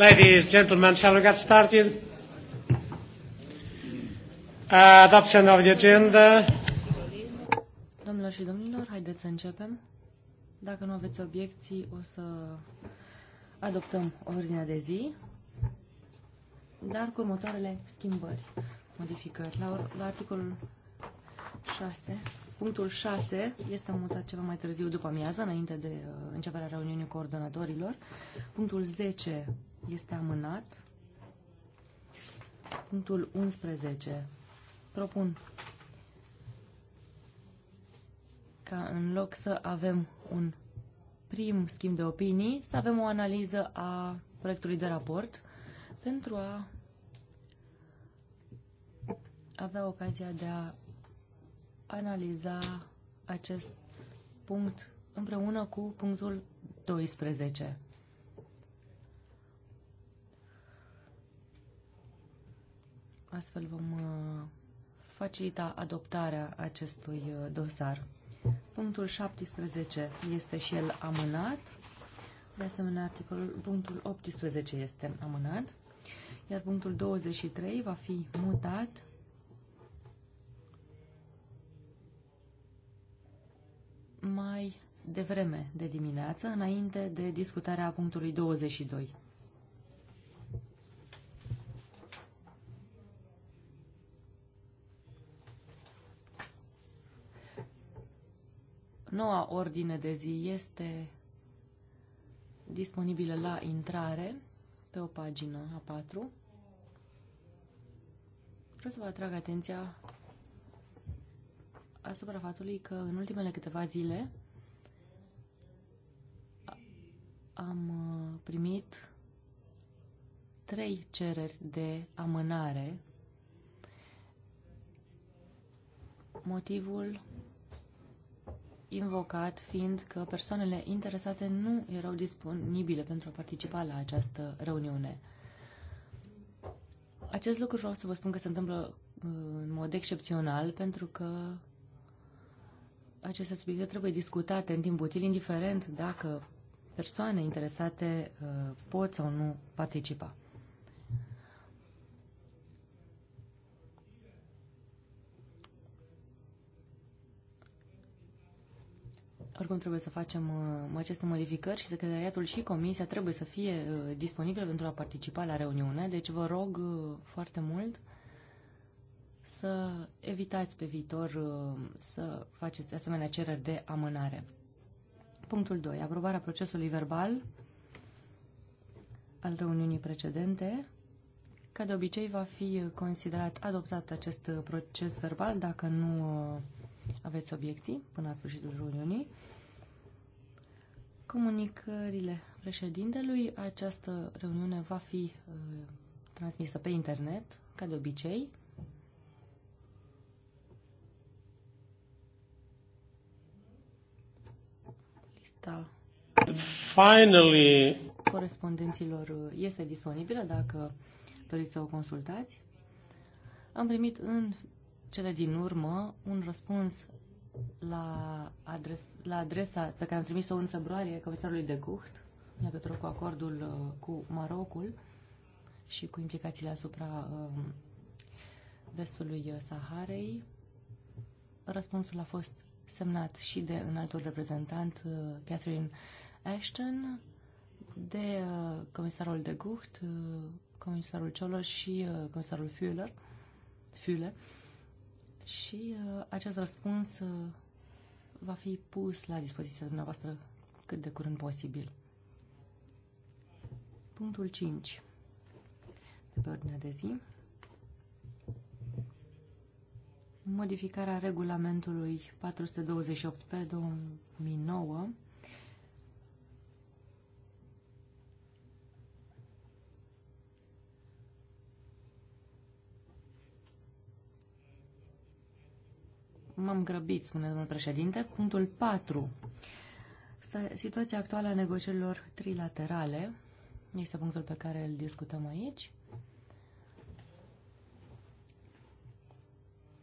Ladies, gentlemen, shall we get started? Uh, adoption of the agenda. Domnilor și domnilor, haideți să începem. Dacă nu aveți obiecții, o să adoptăm ordinea de zi, dar cu următoarele schimbări, modificări. La, la articolul 6, punctul 6 este mutat ceva mai târziu după amiază, înainte de uh, începerea reuniunii coordonatorilor. Punctul 10 Este amânat. Punctul 11. Propun ca în loc să avem un prim schimb de opinii, să avem o analiză a proiectului de raport pentru a avea ocazia de a analiza acest punct împreună cu punctul 12. Astfel vom uh, facilita adoptarea acestui uh, dosar. Punctul 17 este și el amânat. De asemenea, articolul, punctul 18 este amânat. Iar punctul 23 va fi mutat mai devreme de dimineață, înainte de discutarea punctului 22. noua ordine de zi este disponibilă la intrare pe o pagină a 4. Vreau să vă atrag atenția asupra faptului că în ultimele câteva zile am uh, primit trei cereri de amânare. Motivul invocat fiind că persoanele interesate nu erau disponibile pentru a participa la această reuniune. Acest lucru vreau să vă spun că se întâmplă uh, în mod excepțional pentru că aceste subiecte trebuie discutate în timp util, indiferent dacă persoane interesate uh, pot sau nu participa. Oricum trebuie să facem uh, aceste modificări și secretariatul și comisia trebuie să fie uh, disponibile pentru a participa la reuniune, deci vă rog uh, foarte mult să evitați pe viitor uh, să faceți asemenea cereri de amânare. Punctul 2. Aprobarea procesului verbal al reuniunii precedente. Ca de obicei, va fi considerat adoptat acest uh, proces verbal dacă nu Uh, Aveți obiecții până la sfârșitul reuniunii? Comunicările președintelui. Această reuniune va fi uh, transmisă pe internet, ca de obicei. Lista Finally. corespondenților uh, este disponibilă dacă doriți să o consultați. Am primit în cele din urmă un răspuns la, adres, la adresa pe care am trimis-o în februarie comisarului de Gucht în legătură cu acordul uh, cu Marocul și cu implicațiile asupra um, vestului Saharei. Răspunsul a fost semnat și de înaltul reprezentant uh, Catherine Ashton, de uh, comisarul de Gucht, comisarul Cioloș și comisarul Fühler. Fühler și uh, acest răspuns uh, va fi pus la dispoziția dumneavoastră cât de curând posibil. Punctul 5 de pe ordinea de zi. Modificarea regulamentului 428 pe 2009 M-am grăbit, spune domnul președinte. Punctul 4. Situația actuală a negocierilor trilaterale este punctul pe care îl discutăm aici.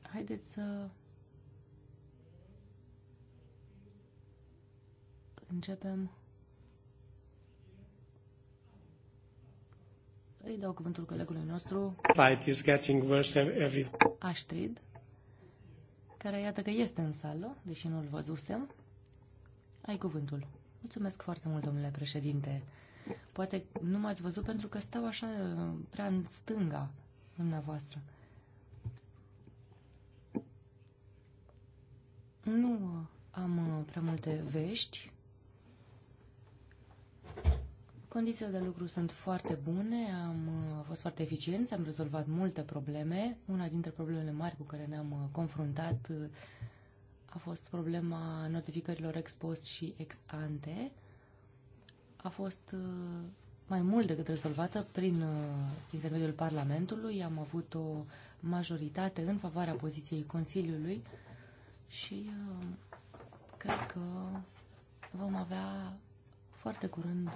Haideți să începem. Îi dau cuvântul colegului nostru. Light is getting worse every... Astrid care iată că este în sală, deși nu îl văzusem. Ai cuvântul. Mulțumesc foarte mult, domnule președinte. Poate nu m-ați văzut pentru că stau așa prea în stânga dumneavoastră. Nu am uh, prea multe vești Condițiile de lucru sunt foarte bune, am uh, fost foarte eficienți, am rezolvat multe probleme. Una dintre problemele mari cu care ne-am uh, confruntat uh, a fost problema notificărilor ex post și ex ante. A fost mai mult decât rezolvată prin intermediul Parlamentului. Am avut o majoritate în favoarea poziției Consiliului și cred că vom avea foarte curând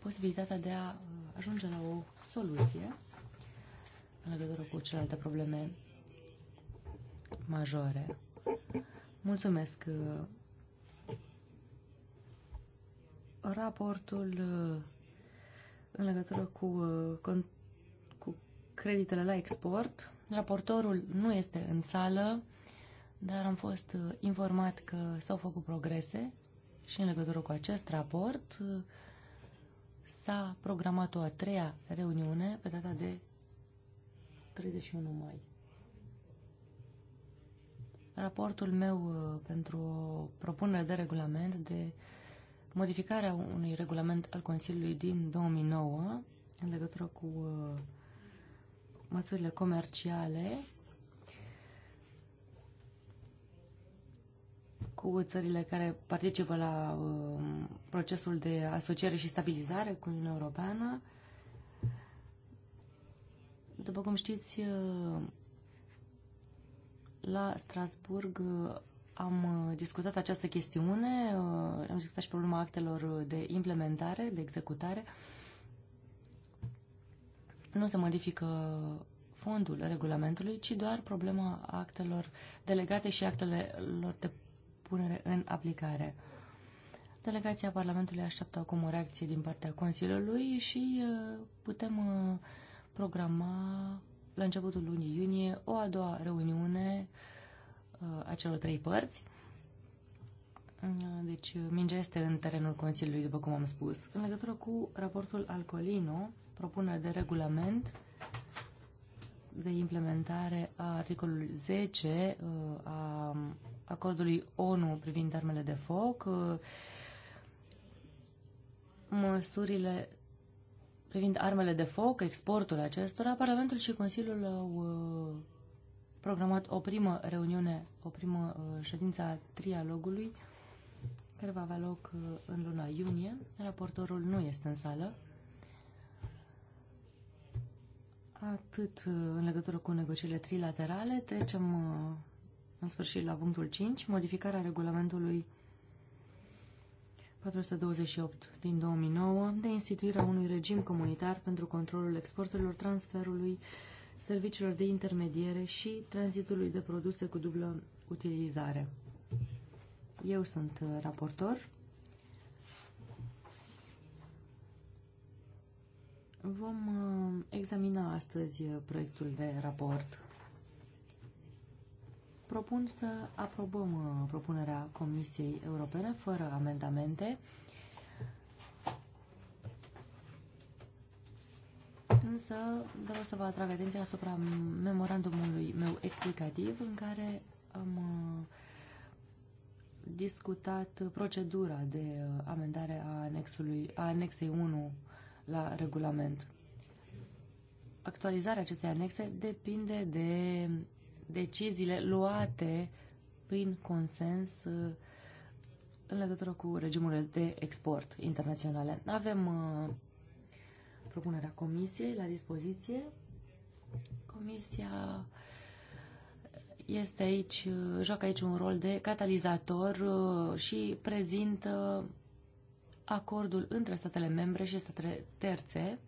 posibilitatea de a uh, ajunge la o soluție în legătură cu celelalte probleme majore. Mulțumesc. Uh, raportul uh, în legătură cu, cu creditele la export. Raportorul nu este în sală, dar am fost informat că s-au făcut progrese și în legătură cu acest raport s-a programat o a treia reuniune pe data de 31 mai. Raportul meu uh, pentru propunere de regulament de modificarea unui regulament al Consiliului din 2009 în legătură cu uh, măsurile comerciale cu țările care participă la um, procesul de asociere și stabilizare cu Uniunea Europeană. După cum știți, uh, la Strasburg uh, am discutat această chestiune, uh, am discutat și problema actelor de implementare, de executare. Nu se modifică fondul regulamentului, ci doar problema actelor delegate și actelor de punere în aplicare. Delegația Parlamentului așteaptă acum o reacție din partea Consiliului și uh, putem uh, programa la începutul lunii iunie o a doua reuniune uh, a celor trei părți. Deci, mingea este în terenul Consiliului, după cum am spus. În legătură cu raportul Alcolino, propunerea de regulament, de implementare a articolului 10 uh, a acordului ONU privind armele de foc, uh, măsurile privind armele de foc, exportul acestora, Parlamentul și Consiliul au uh, programat o primă reuniune, o primă ședință a trialogului, care va avea loc în luna iunie. Raportorul nu este în sală. Atât uh, în legătură cu negocierile trilaterale. Trecem uh, în sfârșit la punctul 5, modificarea regulamentului 428 din 2009 de instituirea unui regim comunitar pentru controlul exporturilor, transferului, serviciilor de intermediere și tranzitului de produse cu dublă utilizare. Eu sunt uh, raportor Vom uh, examina astăzi uh, proiectul de raport. Propun să aprobăm uh, propunerea Comisiei Europene fără amendamente. Însă vreau să vă atrag atenția asupra memorandumului meu explicativ în care am discutat procedura de amendare a, anexului, a anexei 1 la regulament. Actualizarea acestei anexe depinde de deciziile luate prin consens uh, în legătură cu regimurile de export internaționale. Avem uh, propunerea comisiei la dispoziție. Comisia este aici, uh, joacă aici un rol de catalizator și prezintă acordul între statele membre și statele terțe,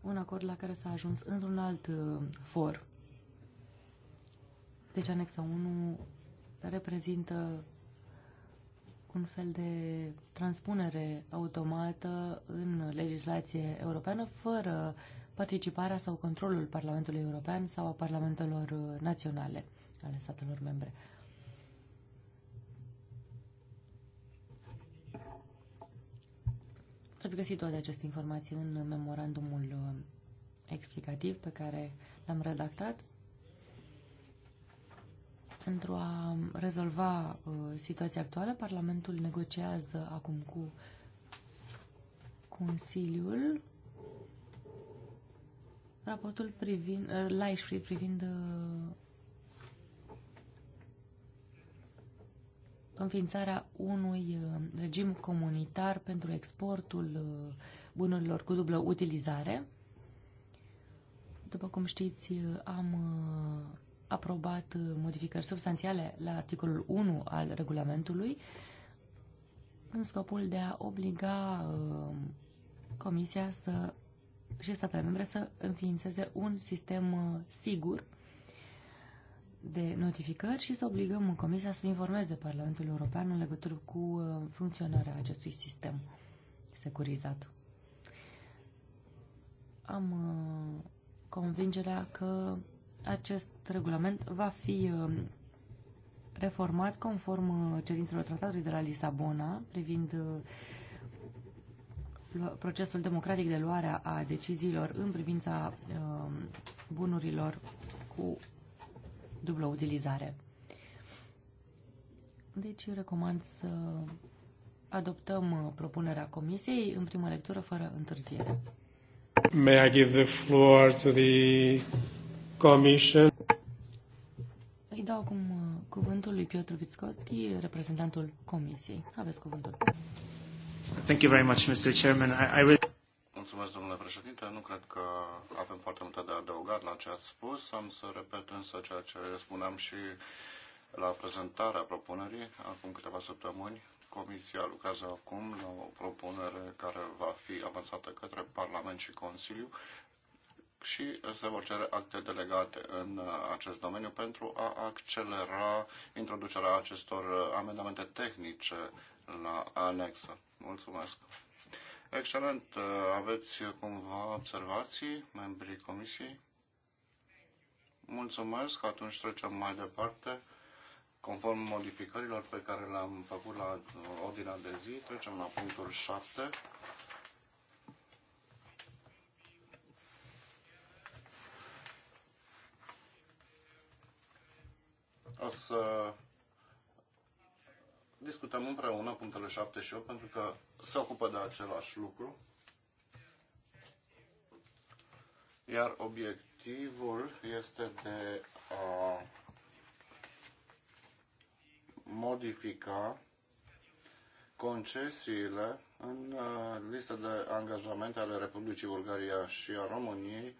un acord la care s-a ajuns într-un alt uh, for. Deci anexa 1 reprezintă un fel de transpunere automată în legislație europeană fără participarea sau controlul Parlamentului European sau a parlamentelor uh, naționale ale statelor membre. Veți găsi toate aceste informații în memorandumul uh, explicativ pe care l-am redactat pentru a rezolva uh, situația actuală, Parlamentul negociază acum cu Consiliul raportul privind, uh, privind uh, înființarea unui uh, regim comunitar pentru exportul uh, bunurilor cu dublă utilizare. După cum știți, uh, am aprobat modificări substanțiale la articolul 1 al regulamentului în scopul de a obliga Comisia să, și statele membre să înființeze un sistem sigur de notificări și să obligăm Comisia să informeze Parlamentul European în legătură cu uh, funcționarea acestui sistem securizat. Am uh, convingerea că acest regulament va fi uh, reformat conform cerințelor tratatului de la Lisabona privind procesul democratic de luare a deciziilor în privința bunurilor cu dublă utilizare. Deci recomand să adoptăm uh, propunerea Comisiei în primă lectură fără întârziere. May I give the floor to the Commission? Îi dau acum uh, cuvântul lui Piotr Vitskotski, reprezentantul Comisiei. Aveți cuvântul. Thank you very much, Mr. Chairman. I, I really... Mulțumesc, domnule președinte. Nu cred că avem foarte multe de adăugat la ce ați spus. Am să repet însă ceea ce spuneam și la prezentarea propunerii acum câteva săptămâni. Comisia lucrează acum la o propunere care va fi avansată către Parlament și Consiliu și se vor cere acte delegate în acest domeniu pentru a accelera introducerea acestor amendamente tehnice la anexă. Mulțumesc! Excelent. Uh, aveți cumva observații, membrii comisiei? Mulțumesc. Atunci trecem mai departe. Conform modificărilor pe care le-am făcut la ordinea de zi, trecem la punctul 7. O să discutăm împreună punctele 7 și 8 pentru că se ocupă de același lucru. Iar obiectivul este de a modifica concesiile în uh, lista de angajamente ale Republicii Bulgaria și a României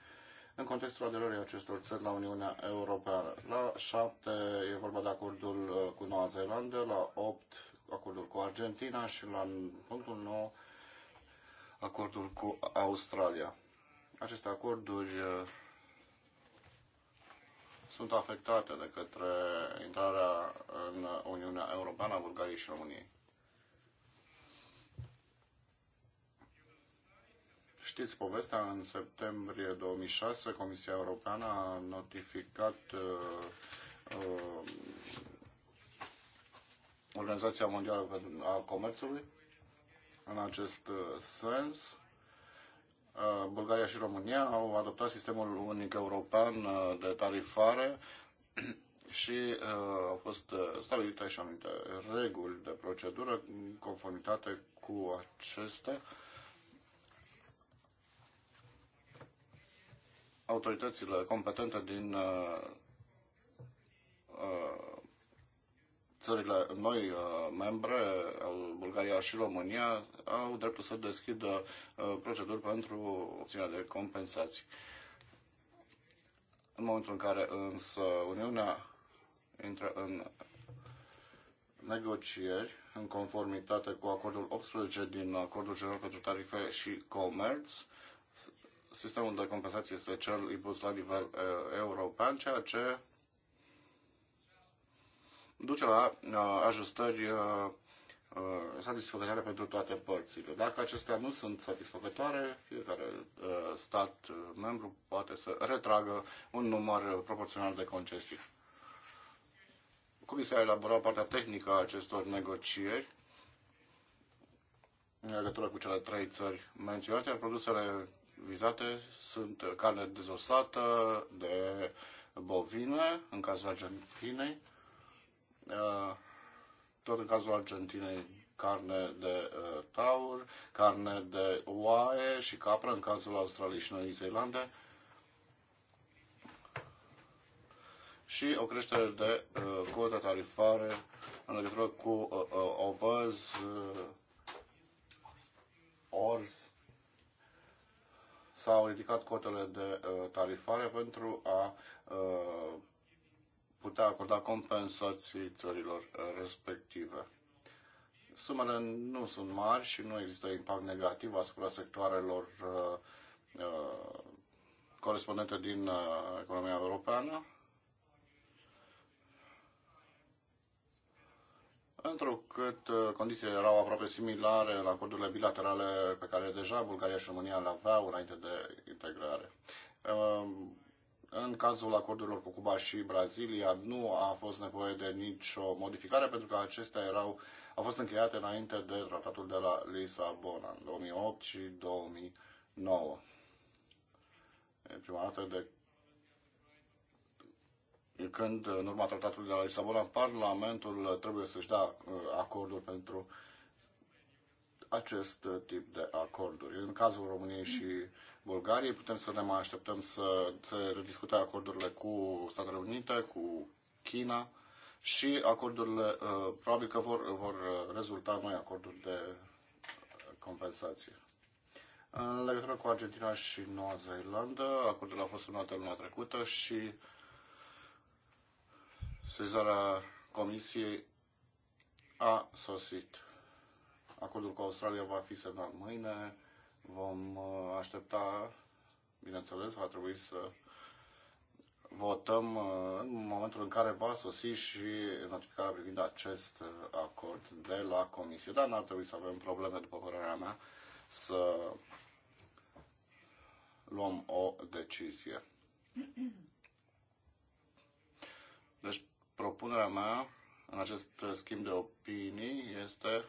în contextul aderării acestor țări la Uniunea Europeană. La 7 e vorba de acordul uh, cu Noua Zeelandă, la 8 acordul cu Argentina și la punctul 9 acordul cu Australia. Aceste acorduri uh, sunt afectate de către intrarea în Uniunea Europeană a Bulgariei și României. știți povestea, în septembrie 2006 Comisia Europeană a notificat uh, uh Organizația Mondială a Comerțului în acest uh, sens. Uh, Bulgaria și România au adoptat sistemul unic european de tarifare și au fost stabilite și anumite reguli de procedură în conformitate cu acestea. autoritățile competente din uh, uh, țările noi uh, membre, Bulgaria și România, au dreptul să deschidă proceduri pentru obținerea de compensații. În momentul în care însă Uniunea intră în negocieri în conformitate cu acordul 18 din Acordul General pentru Tarife și Comerț, sistemul de compensație este cel impus la nivel european, ceea ce duce la e, ajustări e, e, satisfăcătoare pentru toate părțile. Dacă acestea nu sunt satisfăcătoare, fiecare stat membru poate să retragă un număr proporțional de concesii. Comisia a elaborat partea tehnică a acestor negocieri în legătură cu cele trei țări menționate, iar produsele vizate sunt carne dezosată de bovine, în cazul Argentinei, uh, tot în cazul Argentinei carne de uh, taur, carne de oaie și capră, în cazul Australiei și Noi Zeelande, și o creștere de uh, tarifare în legătură cu uh, obăz, orz, s-au ridicat cotele de uh, tarifare pentru a uh, putea acorda compensații țărilor uh, respective. Sumele nu sunt mari și nu există impact negativ asupra sectoarelor corespondente din economia europeană, Întrucât uh, condițiile erau aproape similare la acordurile bilaterale pe care deja Bulgaria și România le aveau înainte de integrare. Um, în cazul acordurilor cu Cuba și Brazilia nu a fost nevoie de nicio modificare pentru că acestea erau, au fost încheiate înainte de tratatul de la Lisabona în 2008 și 2009. E prima dată de când, în urma tratatului de la Lisabona, Parlamentul trebuie să-și dea uh, acordul pentru acest uh, tip de acorduri. În cazul României și Bulgariei putem să ne mai așteptăm să se rediscute acordurile cu Statele Unite, cu China și acordurile, uh, probabil că vor, vor rezulta noi acorduri de compensație. În legătură cu Argentina și Noua Zeelandă, acordurile au fost semnate luna trecută și uh, sezarea Comisiei a sosit. Acordul cu Australia va fi semnat mâine. Vom uh, aștepta, bineînțeles, va trebui să votăm uh, în momentul în care va sosi și notificarea privind acest uh, acord de la Comisie. Dar n-ar trebui să avem probleme, după părerea mea, să luăm o decizie. Deci, propunerea mea în acest schimb de opinii este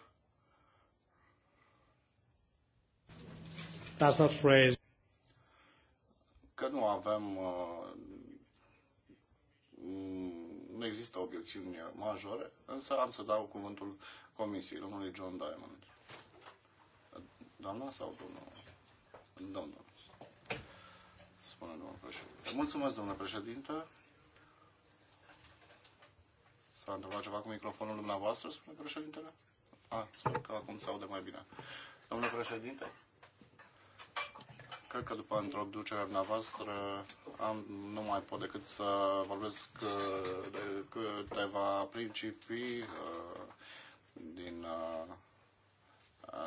That's not phrase. că nu avem eh, mm, nu există obiecțiuni majore, însă am să dau cuvântul comisiei, domnului John Diamond. Doamna sau domnul? Domnul. Spune domnul președinte. Mulțumesc, domnule președinte. S-a întâmplat ceva cu microfonul dumneavoastră, spune președintele? A, sper că acum se aude mai bine. Domnule președinte, cred că după introducerea dumneavoastră am, nu mai pot decât să vorbesc uh, de câteva principii uh, din uh,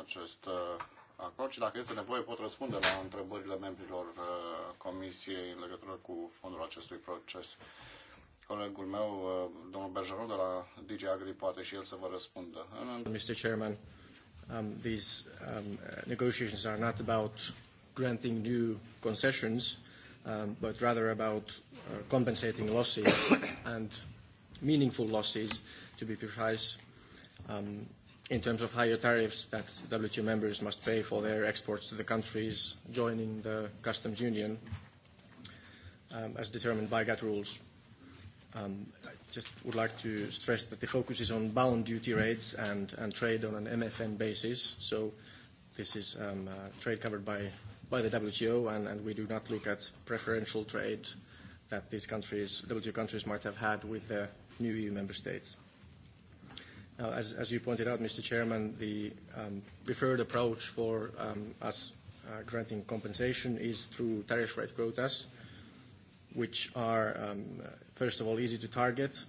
acest acord și dacă este nevoie pot răspunde la întrebările membrilor comisiei în legătură cu fondul acestui proces colegul meu, uh, domnul Bergeron de la DG Agri, poate și el să vă răspundă. Mr. Chairman, um, these um, uh, negotiations are not about granting new concessions, um, but rather about uh, compensating losses and meaningful losses, to be precise, um, in terms of higher tariffs that WTO members must pay for their exports to the countries joining the customs union um, as determined by GATT rules. Um, just would like to stress that the focus is on bound duty rates and, trade on an MFN basis. So this is um, uh, trade covered by, the WTO, and, we do not look at preferential trade that these countries, WTO countries might have had with the new EU member states. Now, as, you pointed out, Mr. Chairman, the um, preferred approach for us uh, granting compensation is through tariff rate quotas, which are first of all, easy to target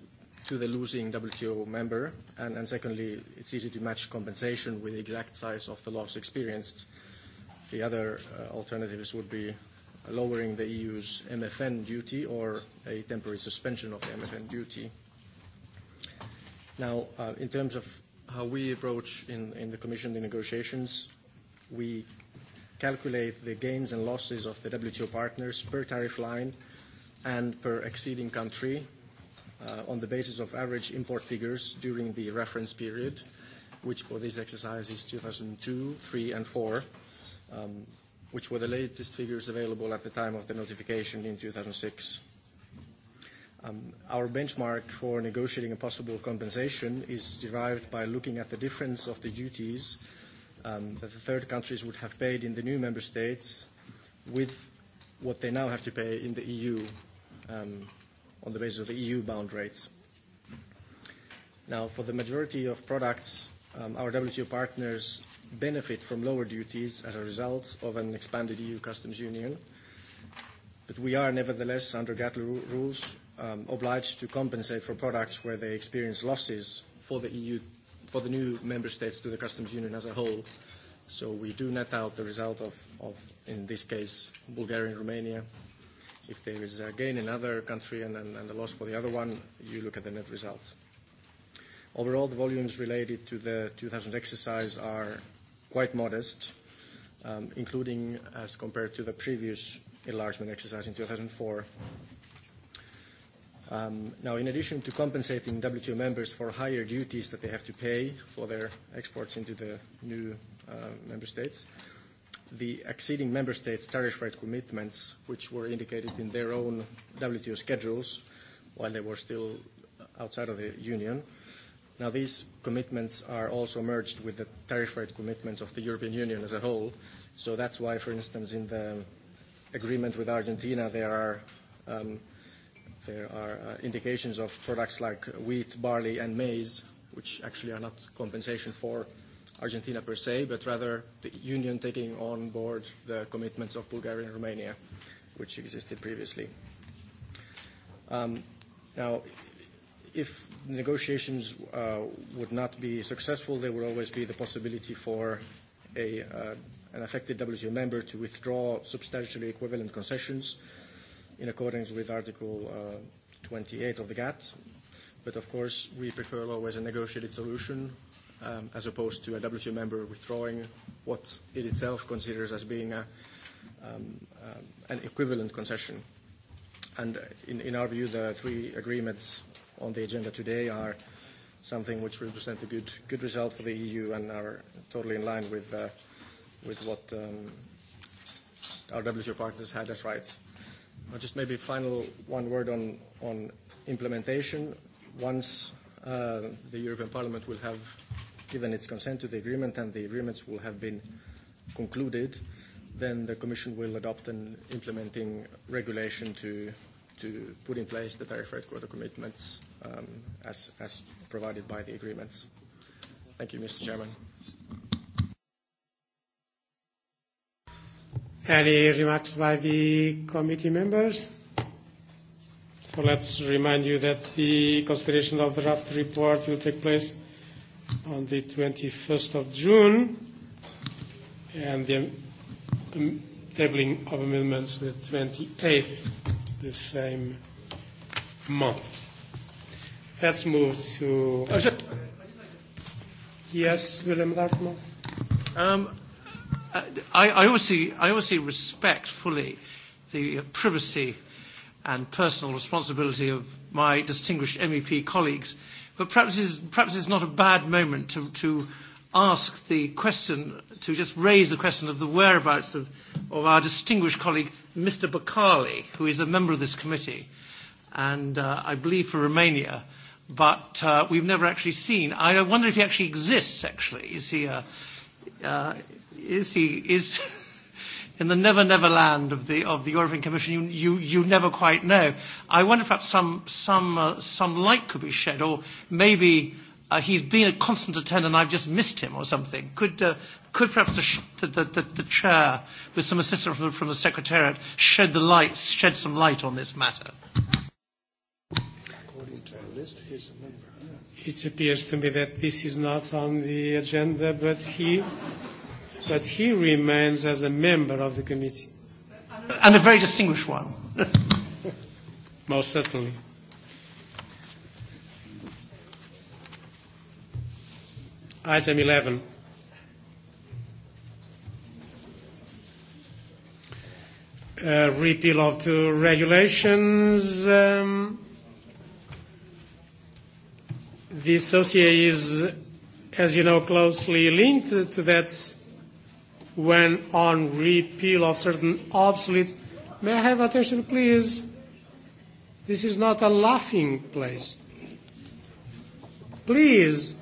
to the losing WTO member, and, and secondly, it's easy to match compensation with the exact size of the loss experienced. The other uh, alternatives would be lowering the EU's MFN duty or a temporary suspension of the MFN duty. Now, uh, in terms of how we approach in, in the Commission the negotiations, we calculate the gains and losses of the WTO partners per tariff line – and per exceeding country uh, on the basis of average import figures during the reference period, which for this exercise is 2002, 3, and 4, um, which were the latest figures available at the time of the notification in 2006. Um, our benchmark for negotiating a possible compensation is derived by looking at the difference of the duties um, that the third countries would have paid in the new member states with what they now have to pay in the EU Um, on the basis of EU e bound rates. Now, for the majority of products, um, our WTO partners benefit from lower duties as a result of an expanded EU customs union, but we are nevertheless, under GATT rules, um, obliged to compensate for products where they experience losses for the EU, for the new member states to the customs union as a whole. So we do net out the result of in this case, Bulgaria and Romania If there is a uh, gain in another country and, and, and a loss for the other one, you look at the net result. Overall, the volumes related to the 2000 exercise are quite modest, um, including as compared to the previous enlargement exercise in 2004. Um, now, in addition to compensating WTO members for higher duties that they have to pay for their exports into the new uh, member states, the acceding member states' tariff rate commitments, which were indicated in their own WTO schedules while they were still outside of the Union. Now, these commitments are also merged with the tariff rate commitments of the European Union as a whole. So that's why, for instance, in the agreement with Argentina, there are, um, there are uh, indications of products like wheat, barley, and maize, which actually are not compensation for Argentina per se, but rather the Union taking on board the commitments of Bulgaria and Romania, which existed previously. Um, now, if negotiations uh, would not be successful, there would always be the possibility for a, uh, an affected WTO member to withdraw substantially equivalent concessions in accordance with Article uh, 28 of the GATT. But of course, we prefer always a negotiated solution Um, as opposed to a WTO member withdrawing what it itself considers as being a, um, um, an equivalent concession. And uh, in, our view, the three agreements on the agenda today are something which represent a good, result for the EU and are totally in line with, uh, what our WTO partners had as rights. Uh, just maybe final one word on, implementation. Once the European Parliament will have given its consent to the agreement and the agreements will have been concluded, then the Commission will adopt an implementing regulation to, to put in place the tariff rate quota commitments um, as, as provided by the agreements. Thank you, Mr. Chairman. Any remarks by the committee members? So let's remind you that the consideration of the draft report will take place on the 21st of June and the tabling of amendments the 28th the same month. Let's move to... Oh, yes, William Dartmouth. Um, I, I, obviously, I obviously respect fully the privacy and personal responsibility of my distinguished MEP colleagues But perhaps it's, perhaps it's not a bad moment to, to ask the question, to just raise the question of the whereabouts of, of our distinguished colleague, Mr. Bakali, who is a member of this committee, and uh, I believe for Romania, but uh, we've never actually seen. I wonder if he actually exists, actually. Is he, uh, uh, is he, is in the never never land of the of the European Commission, you you, you never quite know. I wonder if perhaps some some uh, some light could be shed, or maybe uh, he's been a constant attendant and I've just missed him or something. Could uh, could perhaps the, sh- the, the, the, the chair, with some assistance from, from the secretariat, shed the light shed some light on this matter? According to our list, he's a member. It appears to me that this is not on the agenda, but he but he remains as a member of the committee. And a very distinguished one. Most certainly. Item 11. Uh, repeal of two regulations. Um, this dossier is, as you know, closely linked to that when on repeal of certain obsolete. May I have attention, please? This is not a laughing place. Please,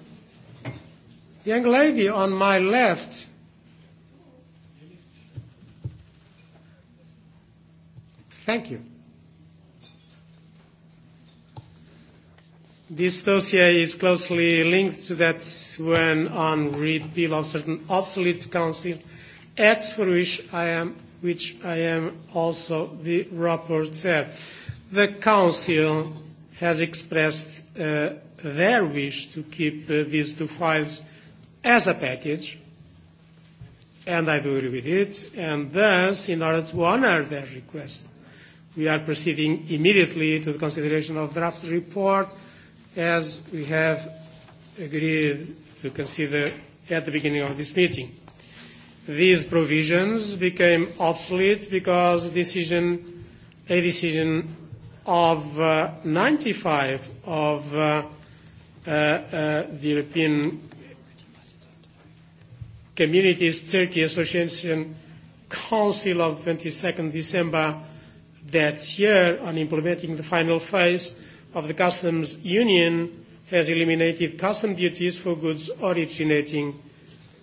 young lady on my left, Thank you. This dossier is closely linked to that when on repeal of certain obsolete council at which I am, which I am also the rapporteur. The Council has expressed uh, their wish to keep uh, these two files as a package, and I do agree with it, and thus, in order to honour their request, we are proceeding immediately to the consideration of draft report as we have agreed to consider at the beginning of this meeting these provisions became obsolete because decision, a decision of uh, 95 of uh, uh, uh, the European Communities Turkey Association Council of 22nd December that year on implementing the final phase of the customs union has eliminated custom duties for goods originating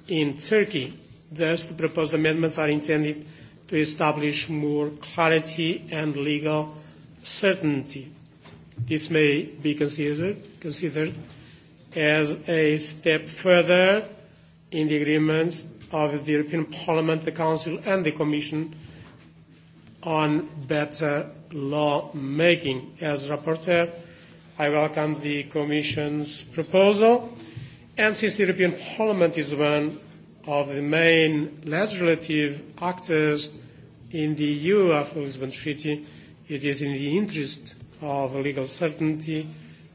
in Turkey. Thus, the proposed amendments are intended to establish more clarity and legal certainty. This may be considered, considered as a step further in the agreements of the European Parliament, the Council and the Commission on better law making. As rapporteur, I welcome the Commission's proposal. And since the European Parliament is one of the main legislative actors in the EU after the Lisbon Treaty, it is in the interest of legal certainty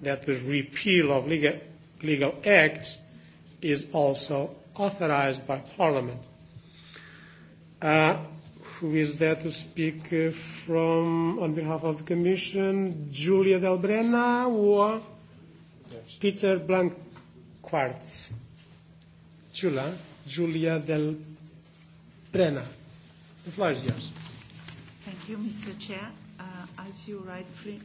that the repeal of legal, legal acts is also authorized by Parliament. Uh, who is there to speak uh, from on behalf of the Commission? Julia Del Brenna or yes. Peter Blank Quartz? Julia? Julia Del Prena. The floor is yours. Thank you, Mr. Chair. Uh, as you rightfully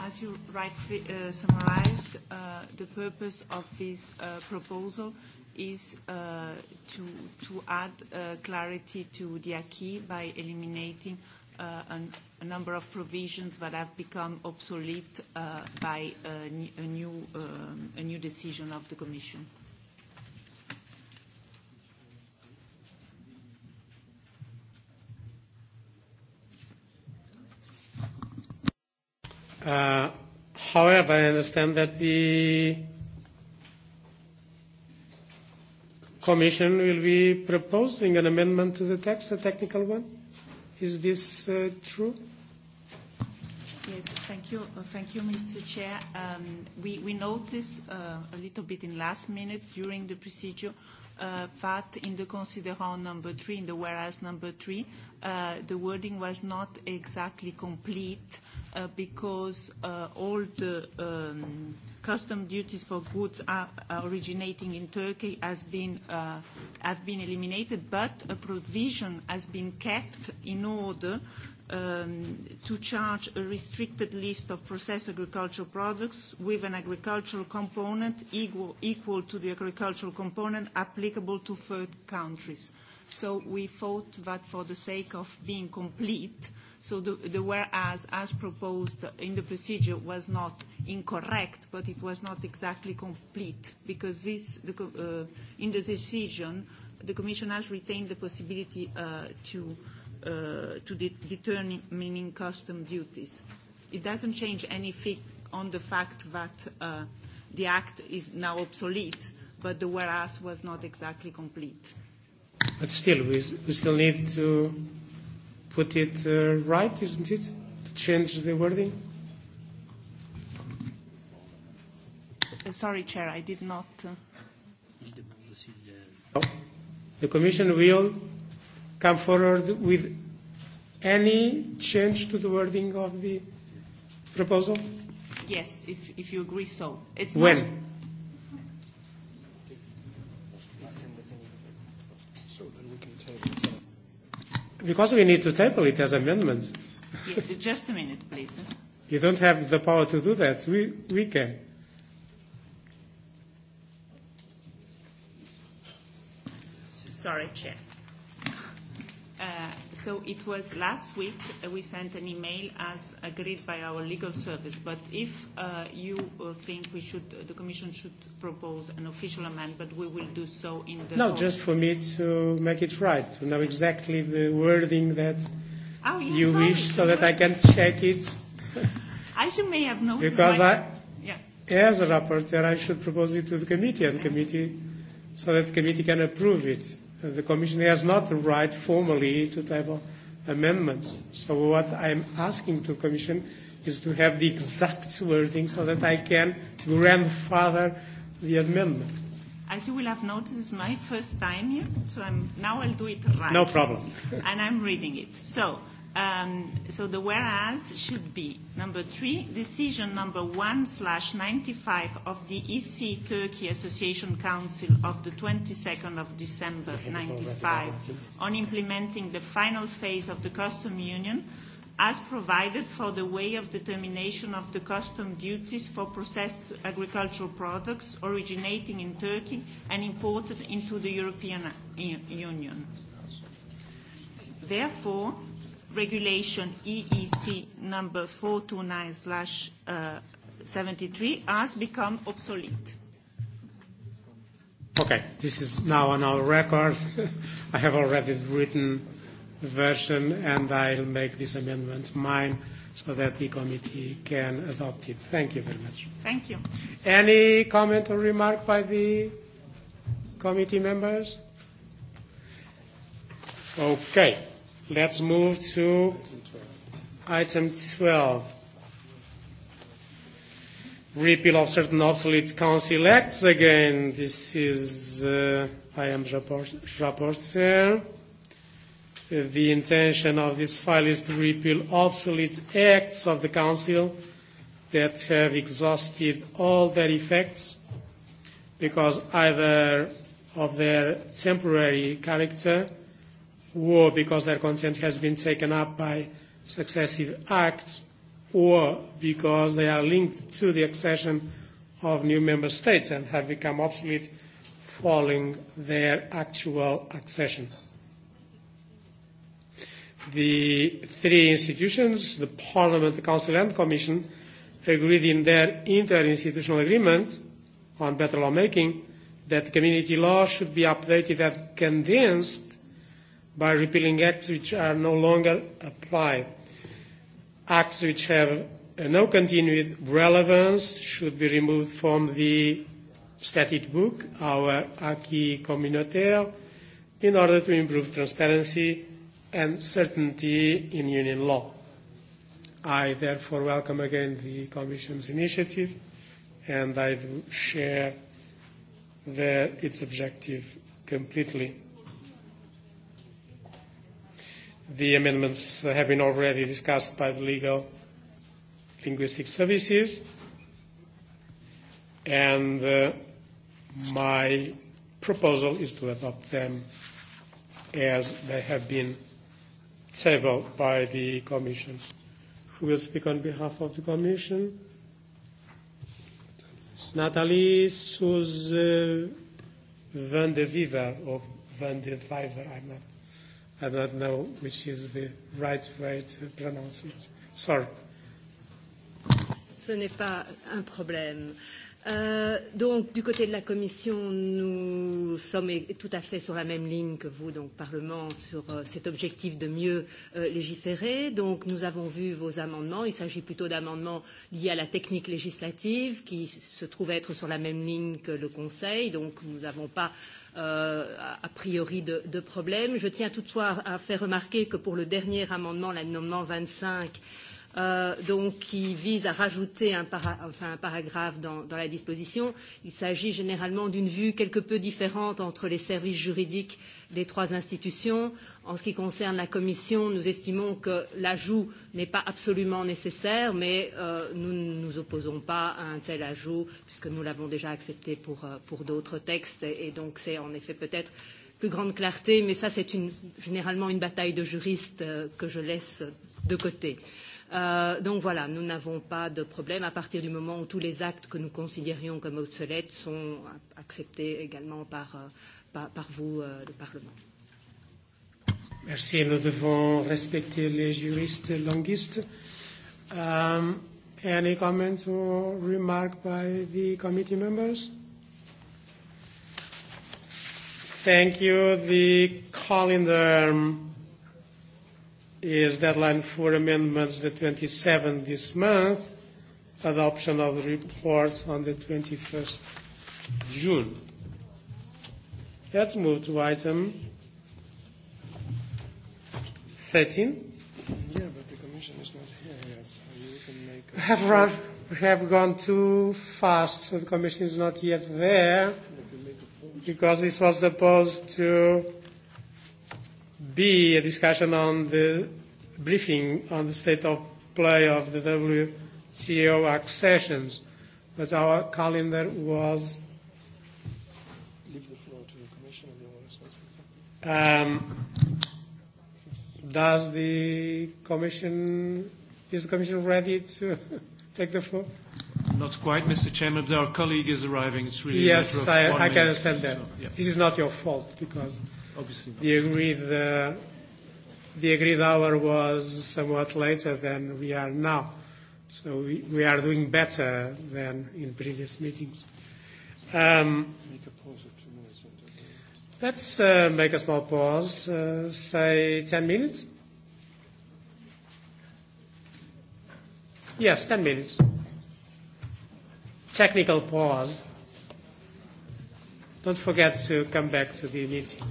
as you rightfully uh, summarized, uh, the purpose of this uh, proposal is uh, to, to add uh, clarity to the acquis by eliminating Uh, a number of provisions that have become obsolete uh, by a, a, new, um, a new decision of the Commission. Uh, however, I understand that the Commission will be proposing an amendment to the text, a technical one. Is this uh, true? Yes. Thank you. Uh, thank you, Mr. Chair. Um, we, we noticed uh, a little bit in last minute during the procedure uh, that in the considerant number three, in the whereas number three, uh, the wording was not exactly complete uh, because uh, all the um, custom duties for goods originating in Turkey has been, have been eliminated, but a provision has been kept in order Um, to charge a restricted list of processed agricultural products with an agricultural component equal, equal to the agricultural component applicable to third countries. So we thought that for the sake of being complete, so the, the whereas as proposed in the procedure was not incorrect, but it was not exactly complete because this, the, uh, in the decision, the Commission has retained the possibility uh, to uh, uh, to de determining custom duties. It doesn't change anything on the fact that uh, the act is now obsolete, but the whereas was not exactly complete. But still, we, we still need to put it uh, right, isn't it? To change the wording? Uh, sorry, Chair, I did not. Uh... Oh. The Commission will come forward with any change to the wording of the proposal? Yes, if, if you agree so. It's when? Not Because we need to table it as amendment. Yeah, just a minute, please. You don't have the power to do that. We, we can. Sorry, Chair. So it was last week uh, we sent an email as agreed by our legal service. But if uh, you uh, think we should, uh, the Commission should propose an official amendment, we will do so in the. No, just for me to make it right, to know exactly the wording that oh, yes, you sorry. wish, so that I can check it. As you may have noticed. Because I, I yeah. as a rapporteur, I should propose it to the committee, and committee, so that the committee can approve it the Commission has not the right formally to table amendments. So what I'm asking to the Commission is to have the exact wording so that I can grandfather the amendment. As you will have noticed, it's my first time here, so I'm, now I'll do it right. No problem. and I'm reading it. So Um, so the whereas should be number three, decision number one slash 95 of the EC Turkey Association Council of the 22nd of December 95 on implementing the final phase of the custom union as provided for the way of determination of the custom duties for processed agricultural products originating in Turkey and imported into the European Union. Therefore, Regulation EEC number 429/73 uh, has become obsolete. Okay, this is now on our record. I have already written the version, and I'll make this amendment mine so that the committee can adopt it. Thank you very much. Thank you. Any comment or remark by the committee members? Okay. Let's move to item 12. Repeal of certain obsolete council acts. Again, this is, uh, I am rapporteur. The intention of this file is to repeal obsolete acts of the council that have exhausted all their effects because either of their temporary character or because their consent has been taken up by successive acts, or because they are linked to the accession of new member states and have become obsolete following their actual accession. The three institutions, the Parliament, the Council and the Commission, agreed in their interinstitutional agreement on better lawmaking that community law should be updated and condensed by repealing acts which are no longer applied. Acts which have uh, no continued relevance should be removed from the statute book, our acquis communautaire, in order to improve transparency and certainty in union law. I therefore welcome again the Commission's initiative and I do share the, its objective completely. The amendments have been already discussed by the legal linguistic services. And uh, my proposal is to adopt them as they have been tabled by the Commission. Who will speak on behalf of the Commission? Nathalie Suze uh, van de Viver, or van de Viver, I'm not i don't know which is the right way to pronounce it. Sorry. Ce n'est pas un problème. Euh, donc, du côté de la Commission, nous sommes tout à fait sur la même ligne que vous, donc Parlement, sur euh, cet objectif de mieux euh, légiférer. Donc, nous avons vu vos amendements. Il s'agit plutôt d'amendements liés à la technique législative, qui se trouvent être sur la même ligne que le Conseil. Donc, nous n'avons pas euh, a priori de, de problème. Je tiens toutefois à faire remarquer que pour le dernier amendement, l'amendement 25, euh, donc qui vise à rajouter un, para, enfin, un paragraphe dans, dans la disposition. Il s'agit généralement d'une vue quelque peu différente entre les services juridiques des trois institutions. En ce qui concerne la Commission, nous estimons que l'ajout n'est pas absolument nécessaire, mais euh, nous ne nous opposons pas à un tel ajout, puisque nous l'avons déjà accepté pour, euh, pour d'autres textes, et, et donc c'est en effet peut-être plus grande clarté, mais ça c'est une, généralement une bataille de juristes euh, que je laisse de côté. Euh, Euh, donc voilà, nous n'avons pas de problème à partir du moment où tous les actes que nous considérions comme obsolètes sont acceptés également par, euh, par, par vous, euh, le Parlement. Merci. Nous devons respecter les juristes linguistes. Um, any comments or remarks by the committee members? Thank you. The calendar is deadline for amendments the 27th this month, adoption of the reports on the 21st June. Let's move to item 13. Yeah, but the commission is not here yet, so you can make. A have run, we have gone too fast, so the commission is not yet there, because this was supposed to be a discussion on the briefing on the state of play of the WTO accessions, but our calendar was. Leave the floor to the Commission if they want to say something. Um, does the Commission, is the Commission ready to take the floor? Not quite, Mr. Chairman, but our colleague is arriving. It's really yes, a of I, one I minute, can understand that. So, yeah. This is not your fault because. Mm-hmm Obviously not. The agreed, uh, the agreed hour was somewhat later than we are now. So we, we are doing better than in previous meetings. Um, make a pause of two minutes. Let's uh, make a small pause, uh, say 10 minutes. Yes, 10 minutes. Technical pause. Don't forget to come back to the meeting.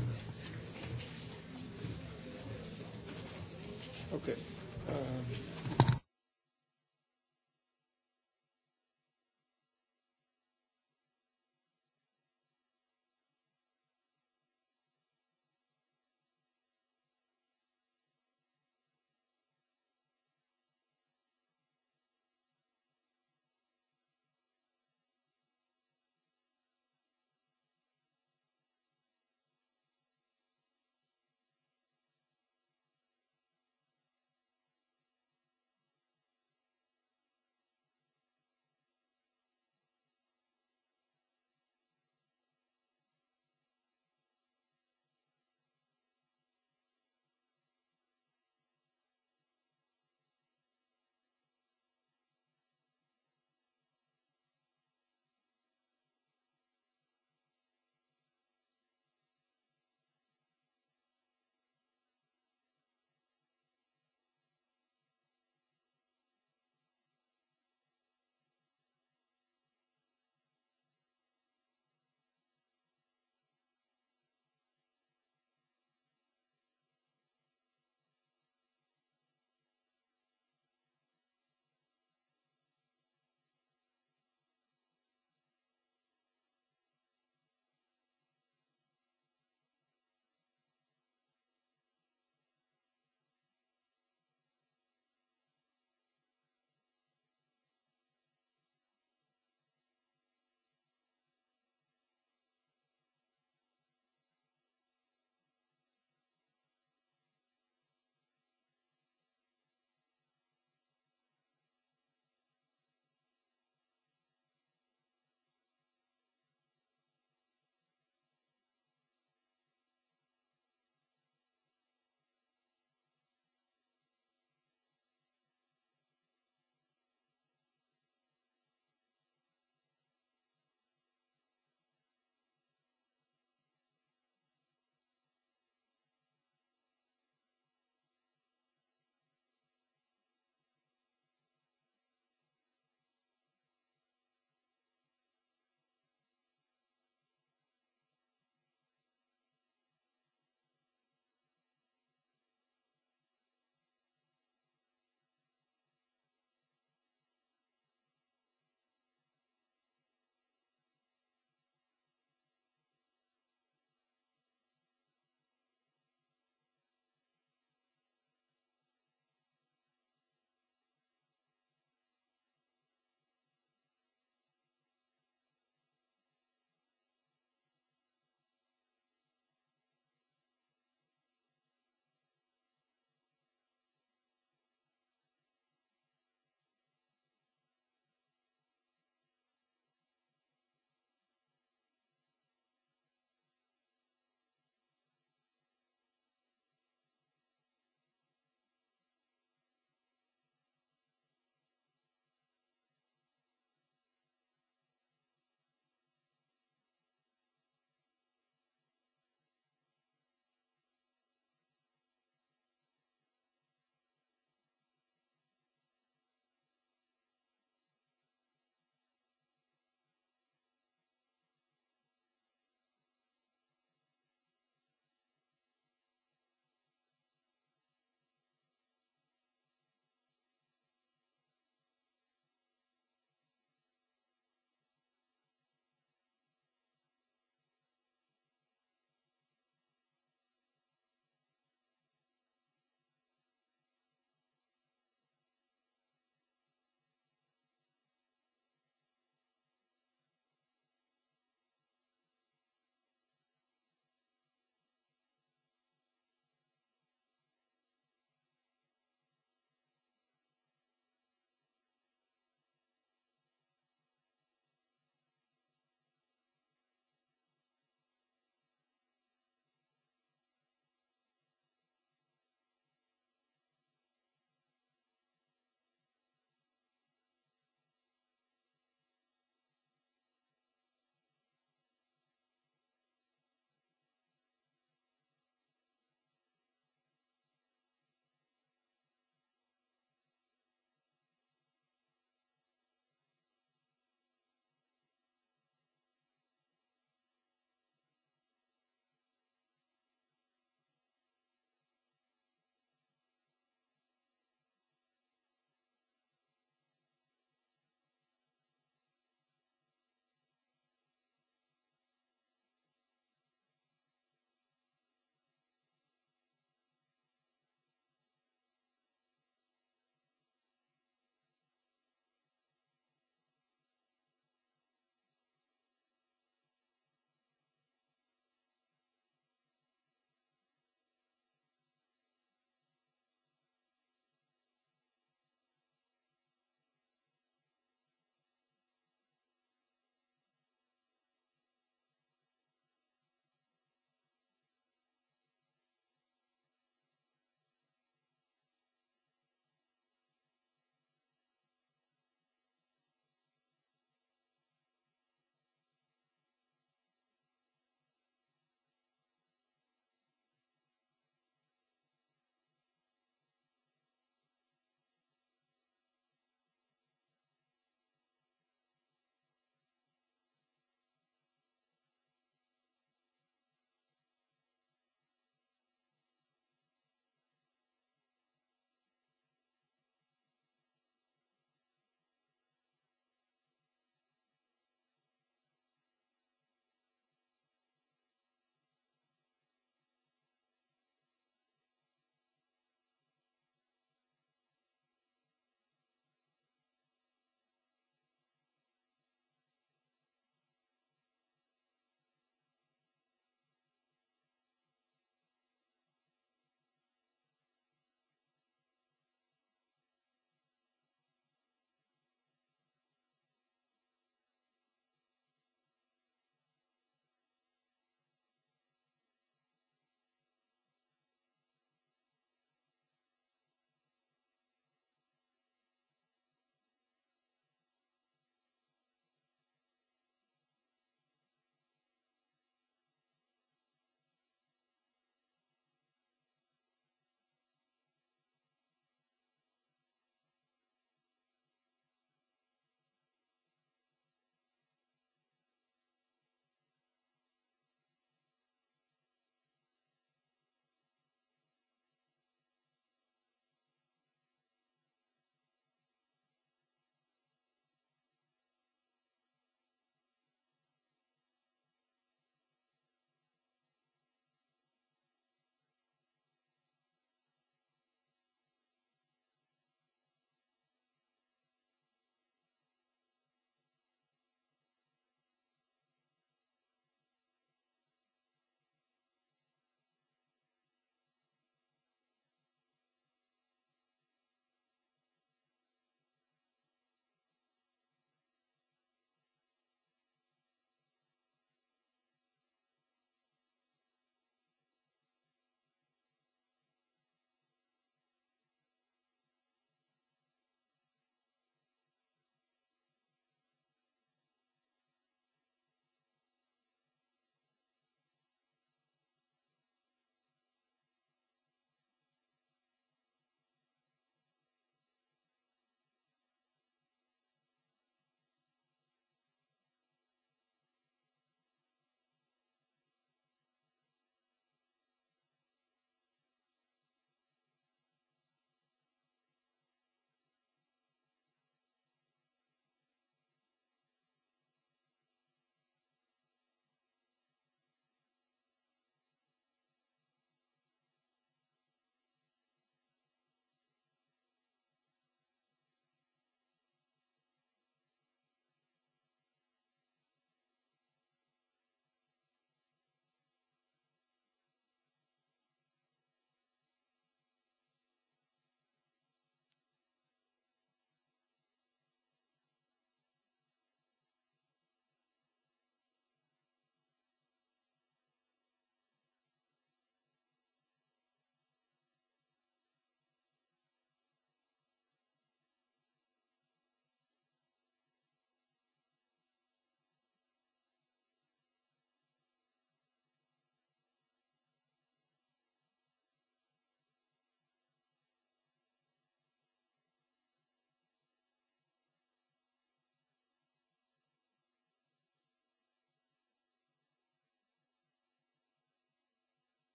Okay.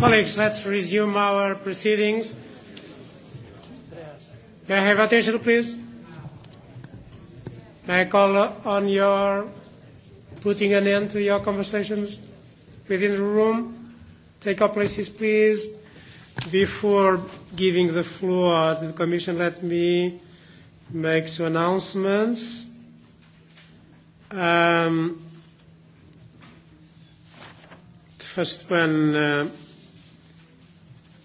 Colleagues, let's resume our proceedings. May I have attention, please? May I call on your putting an end to your conversations within the room? Take your places, please. Before giving the floor to the Commission, let me make two announcements. Um, first one. Uh,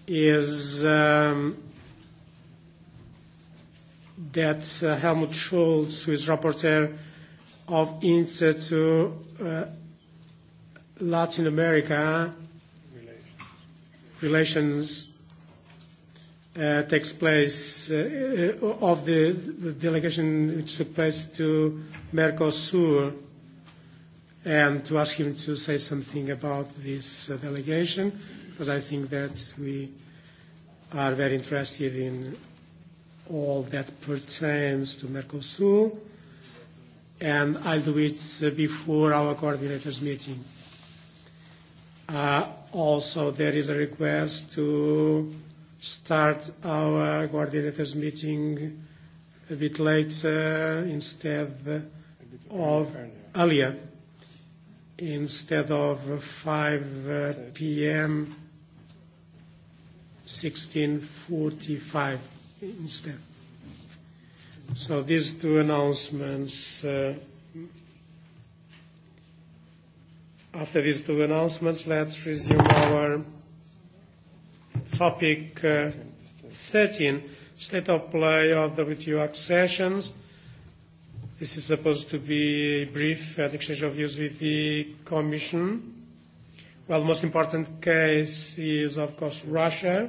is um, that uh, Helmut Schulz, who is rapporteur of INSA e to uh, Latin America relations, uh, takes place uh, of the, the delegation which took place to Mercosur and to ask him to say something about this uh, delegation because I think that we are very interested in all that pertains to Mercosur, and I'll do it before our coordinators' meeting. Uh, also, there is a request to start our coordinators' meeting a bit later instead of earlier, instead of 5 p.m. 1645 instead. So these two announcements, uh, after these two announcements, let's resume our topic uh, 13, state of play of WTO accessions. This is supposed to be a brief uh, exchange of views with the Commission Well, the most important case is, of course, Russia.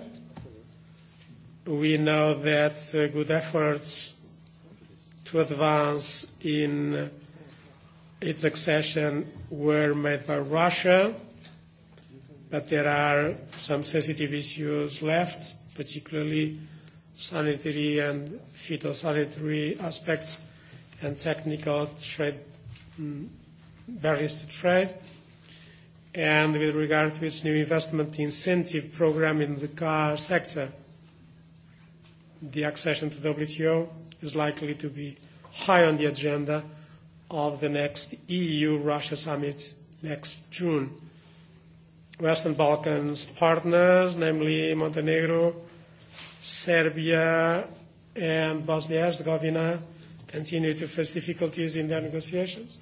We know that uh, good efforts to advance in its accession were made by Russia, but there are some sensitive issues left, particularly sanitary and phytosanitary aspects and technical trade mm, barriers to trade and with regard to its new investment incentive program in the car sector. The accession to WTO is likely to be high on the agenda of the next EU-Russia summit next June. Western Balkans partners, namely Montenegro, Serbia, and Bosnia-Herzegovina, continue to face difficulties in their negotiations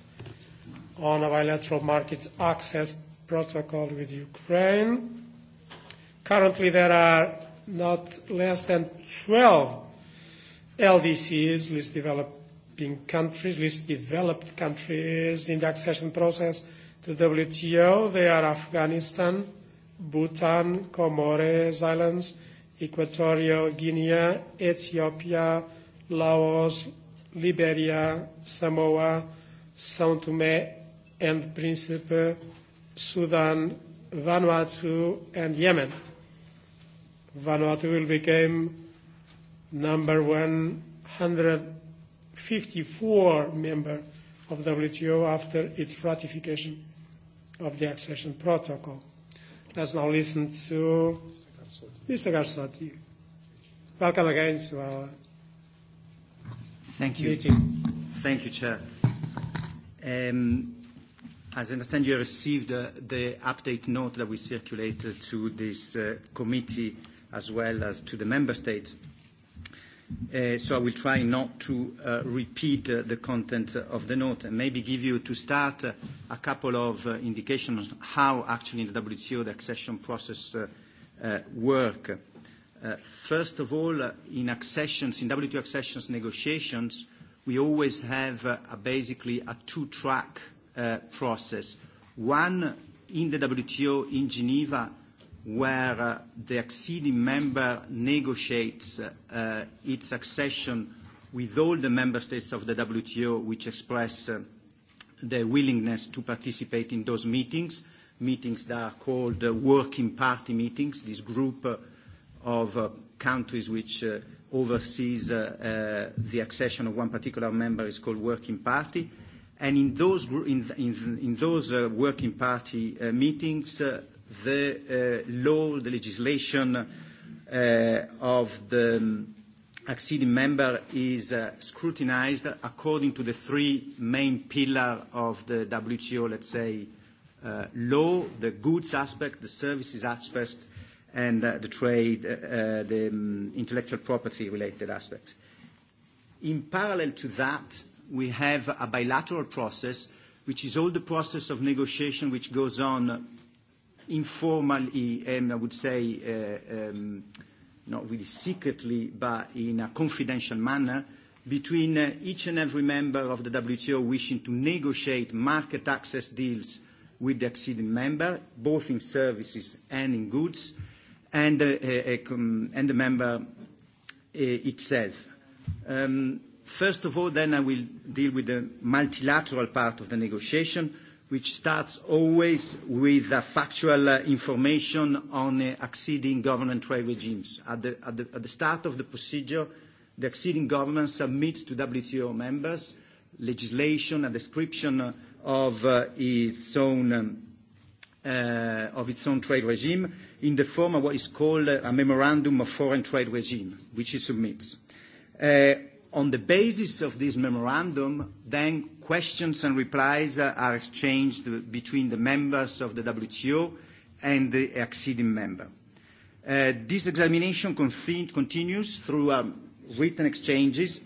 on a bilateral market access protocol with Ukraine. Currently, there are not less than 12 LDCs, least developing countries, least developed countries in the accession process to WTO. They are Afghanistan, Bhutan, Comores Islands, Equatorial Guinea, Ethiopia, Laos, Liberia, Samoa, São Tomé and Principe, Sudan, Vanuatu, and Yemen. Vanuatu will become number 154 member of WTO after its ratification of the accession protocol. Let's now listen to Mr. Garzotti. Welcome again to our Thank you. meeting. Thank you, Chair. Um, As I understand, you have received uh, the update note that we circulated to this uh, committee as well as to the member states. Uh, so I will try not to uh, repeat uh, the content of the note and maybe give you, to start, uh, a couple of uh, indications on how actually in the WTO the accession process uh, work. First of all, in accessions, in WTO accessions negotiations, we always have basically a two-track Eh, process. One in the WTO in Geneva, where uh, the acceding member negotiates uh, its accession with all the member states of the WTO which express uh, their willingness to participate in those meetings, meetings that are called working party meetings, this group of countries which oversees the accession of one particular member is called working party. And in those, in, in, in those uh, working party uh, meetings, uh, the uh, law, the legislation uh, of the um, acceding member is uh, scrutinized according to the three main pillars of the WTO, let's say, uh, law, the goods aspect, the services aspect, and uh, the trade, uh, uh the um, intellectual property related aspects. In parallel to that, we have a bilateral process, which is all the process of negotiation which goes on informally and I would say uh, um, not really secretly, but in a confidential manner between uh, each and every member of the WTO wishing to negotiate market access deals with the acceding member, both in services and in goods, and, uh, uh, uh and the member uh, itself. Um, First of all, then I will deal with the multilateral part of the negotiation, which starts always with the factual uh, information on uh, acceding government trade regimes. At the, at, the, at the start of the procedure, the acceding government submits to WTO members legislation, a description of uh, its own um, Uh, of its own trade regime in the form of what is called a memorandum of foreign trade regime, which it submits. Uh, on the basis of this memorandum, then questions and replies are exchanged between the members of the WTO and the acceding member. Uh, this examination continues through um, written exchanges,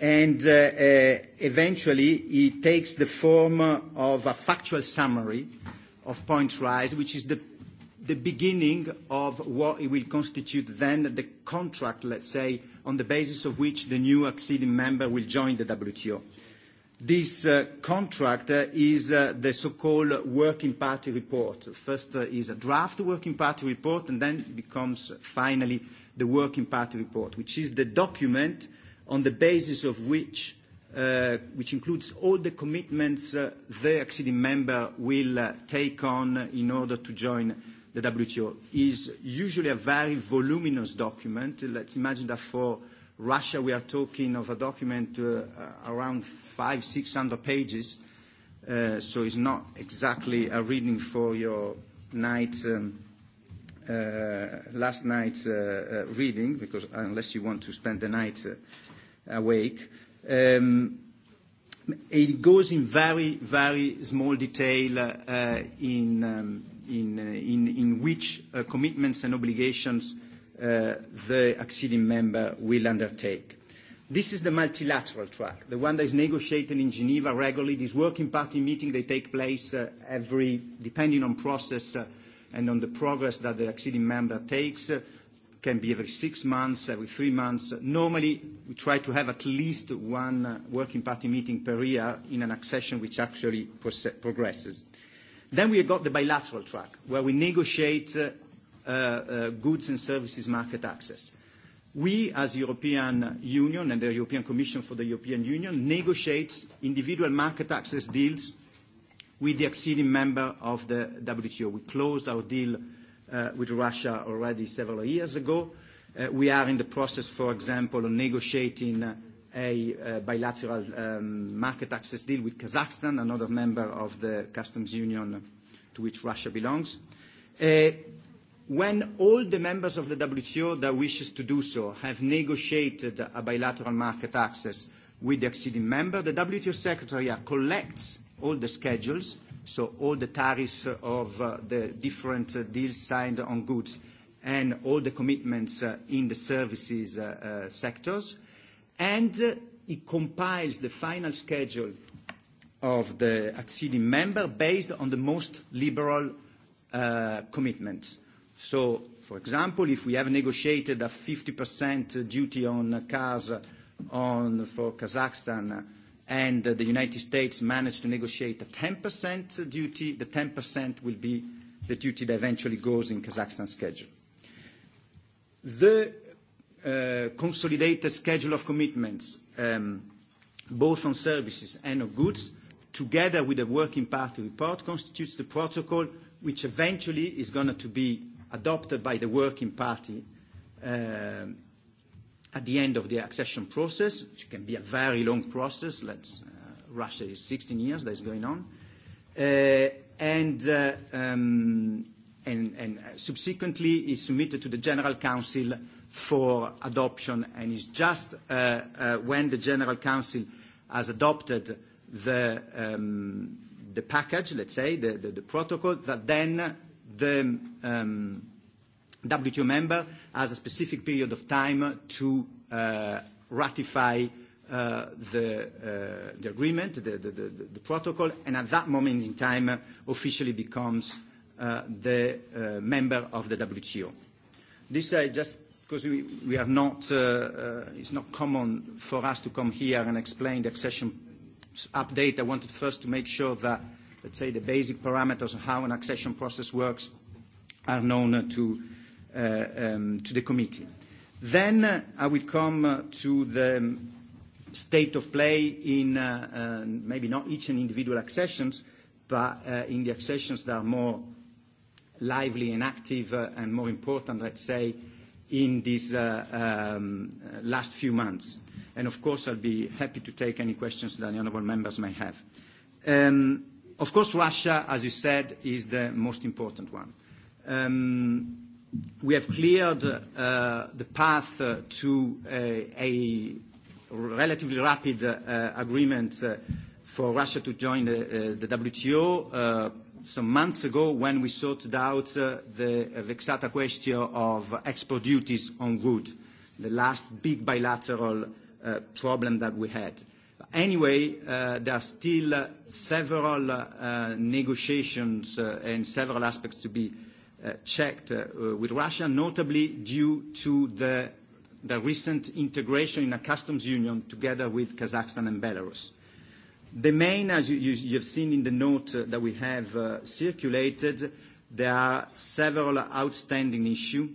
and uh, uh, eventually it takes the form of a factual summary of points raised, which is the the beginning of what it will constitute then the contract, let's say, on the basis of which the new acceding member will join the WTO. This uh, contract uh, is uh, the so-called working party report. First uh, is a draft working party report, and then becomes finally the working party report, which is the document on the basis of which, uh, which includes all the commitments uh, the acceding member will take on in order to join the WTO is usually a very voluminous document. Let's imagine that for Russia we are talking of a document uh, uh, around five, six hundred pages, uh, so it's not exactly a reading for your night, um, uh, last night's uh, uh, reading, because unless you want to spend the night uh, awake. Um, it goes in very, very small detail uh, in um, Uh, in, which uh, commitments and obligations uh, the acceding member will undertake. This is the multilateral track, the one that is negotiated in Geneva regularly. These working party meetings, they take place uh, every, depending on process uh, and on the progress that the acceding member takes, uh, can be every six months, every three months. Normally, we try to have at least one working party meeting per year in an accession which actually progresses. Then we have got the bilateral track, where we negotiate uh, uh, uh, goods and services market access. We, as European Union and the European Commission for the European Union, negotiates individual market access deals with the acceding member of the WTO. We closed our deal with Russia already several years ago. we are in the process, for example, of negotiating a uh, bilateral um, market access deal with Kazakhstan, another member of the customs union to which Russia belongs. Uh, when all the members of the WTO that wishes to do so have negotiated a bilateral market access with the acceding member, the WTO Secretariat collects all the schedules, so all the tariffs of uh, the different deals signed on goods and all the commitments in the services sectors, and uh, it compiles the final schedule of the acceding member based on the most liberal uh, commitments. So, for example, if we have negotiated a 50% duty on cars on, for Kazakhstan and the United States managed to negotiate a 10% duty, the 10% will be the duty that eventually goes in Kazakhstan's schedule. The Uh, consolidated schedule of commitments, um, both on services and on goods, together with the working party report, constitutes the protocol which eventually is going to be adopted by the working party uh, at the end of the accession process, which can be a very long process. Let's, Russia is 16 years that is going on. Uh, um, and, and subsequently is submitted to the General Council for adoption and is just uh, uh, when the General Council has adopted the, um, package, let's say, the, protocol, that then the um, WTO member has a specific period of time to uh, ratify the, agreement, the, protocol, and at that moment in time officially becomes the member of the WTO. This I just because we, we are not, uh, uh, it's not common for us to come here and explain the accession update. I wanted first to make sure that, let's say, the basic parameters of how an accession process works are known uh, to, uh, um, to the committee. Then uh, I will come uh, to the state of play in uh, uh, maybe not each and individual accessions, but uh, in the accessions that are more lively and active and more important, let's say, in these uh, um, last few months. And of course, I'll be happy to take any questions that the honourable members may have. Um, of course, Russia, as you said, is the most important one. Um, we have cleared uh, the path uh, to a relatively rapid agreement for Russia to join the WTO some months ago when we sorted out uh, the uh, vexata question of export duties on wood, the last big bilateral uh, problem that we had. Anyway, uh, there are still uh, several uh, negotiations uh, and several aspects to be uh, checked uh, with Russia, notably due to the, the recent integration in a customs union together with Kazakhstan and Belarus. Uh, The main, as you, you've seen in the note uh, that we have uh, circulated, there are several outstanding issue.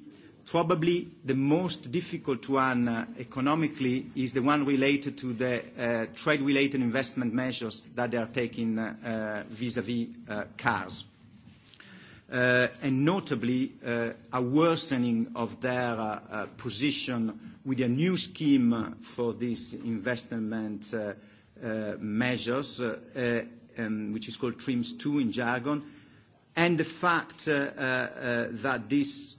Probably the most difficult one uh, economically is the one related to the uh, trade-related investment measures that they are taking uh, uh, vis-à-vis -vis, cars. Uh, and notably uh, a worsening of their uh, position with a new scheme for this investment Uh, measures, uh, uh, um, which is called TRIMS 2 in jargon, and the fact that this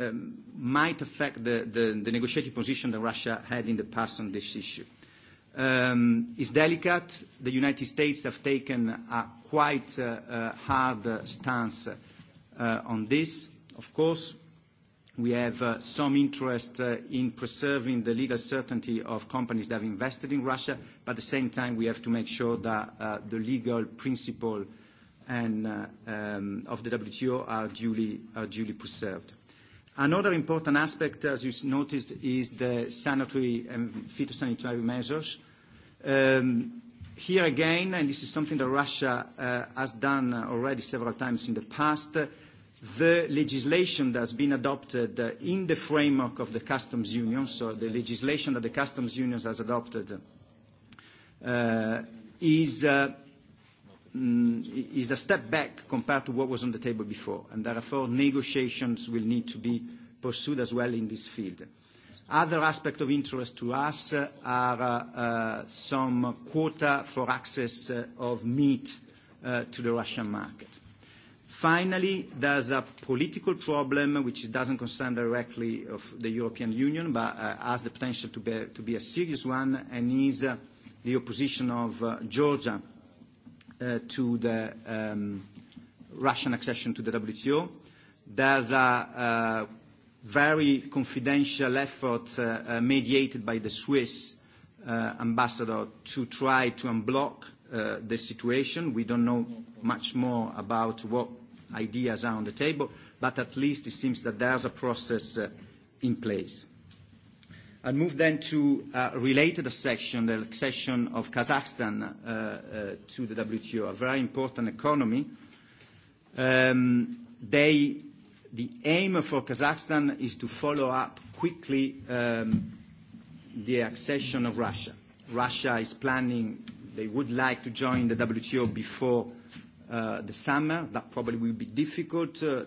um, might affect the, the, negotiating position that Russia had in the past on this issue. Um, it's is delicate. The United States have taken a quite hard stance on this, of course, We have uh, some interest uh, in preserving the legal certainty of companies that have invested in Russia, but at the same time, we have to make sure that uh, the legal principle and, um, of the WTO are duly, are duly preserved. Another important aspect, as you noticed, is the sanitary and phytosanitary measures. Um, here again, and this is something that Russia has done already several times in the past, the legislation that's been adopted uh, in the framework of the customs union, so the legislation that the customs union has adopted, uh, is, uh, mm, is a step back compared to what was on the table before, and therefore negotiations will need to be pursued as well in this field. Other aspects of interest to us uh, are uh, uh, some quota for access of meat to the Russian market. Finally, there's a political problem which doesn't concern directly of the European Union, but uh, has the potential to be, to be a serious one, and is uh, the opposition of uh, Georgia uh, to the um, Russian accession to the WTO. There's a uh, very confidential effort uh, uh, mediated by the Swiss uh, ambassador to try to unblock uh, the situation. We don't know much more about what ideas are on the table, but at least it seems that there's a process uh, in place. I move then to a related section, the accession of Kazakhstan uh, uh, to the WTO, a very important economy. Um, they, the aim for Kazakhstan is to follow up quickly um, the accession of Russia. Russia is planning, they would like to join the WTO before Uh, the summer. That probably will be difficult uh,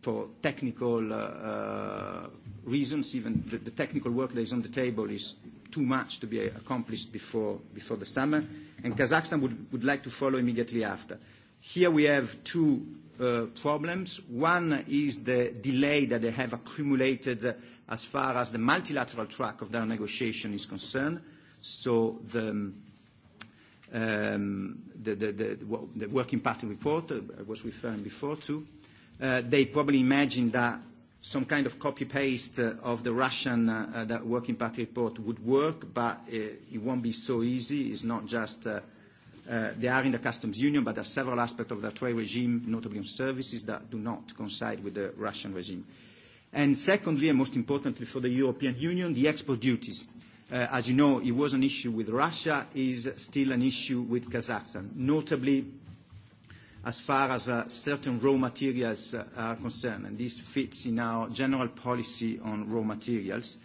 for technical uh, reasons. Even the, technical work that is on the table is too much to be accomplished before, before the summer. And Kazakhstan would, would like to follow immediately after. Here we have two problems. One is the delay that they have accumulated as far as the multilateral track of their negotiation is concerned. So the, Um, the, working party report I was referring before to, uh, they probably imagined that some kind of copy-paste uh, of the Russian uh, that working party report would work, but it, won't be so easy. It's not just they are in the customs union, but there are several aspects of the trade regime, notably on services, that do not coincide with the Russian regime. And secondly, and most importantly for the European Union, the export duties. Uh, as you know, it was an issue with Russia, is still an issue with Kazakhstan, notably as far as uh, certain raw materials uh, are concerned, and this fits in our general policy on raw materials.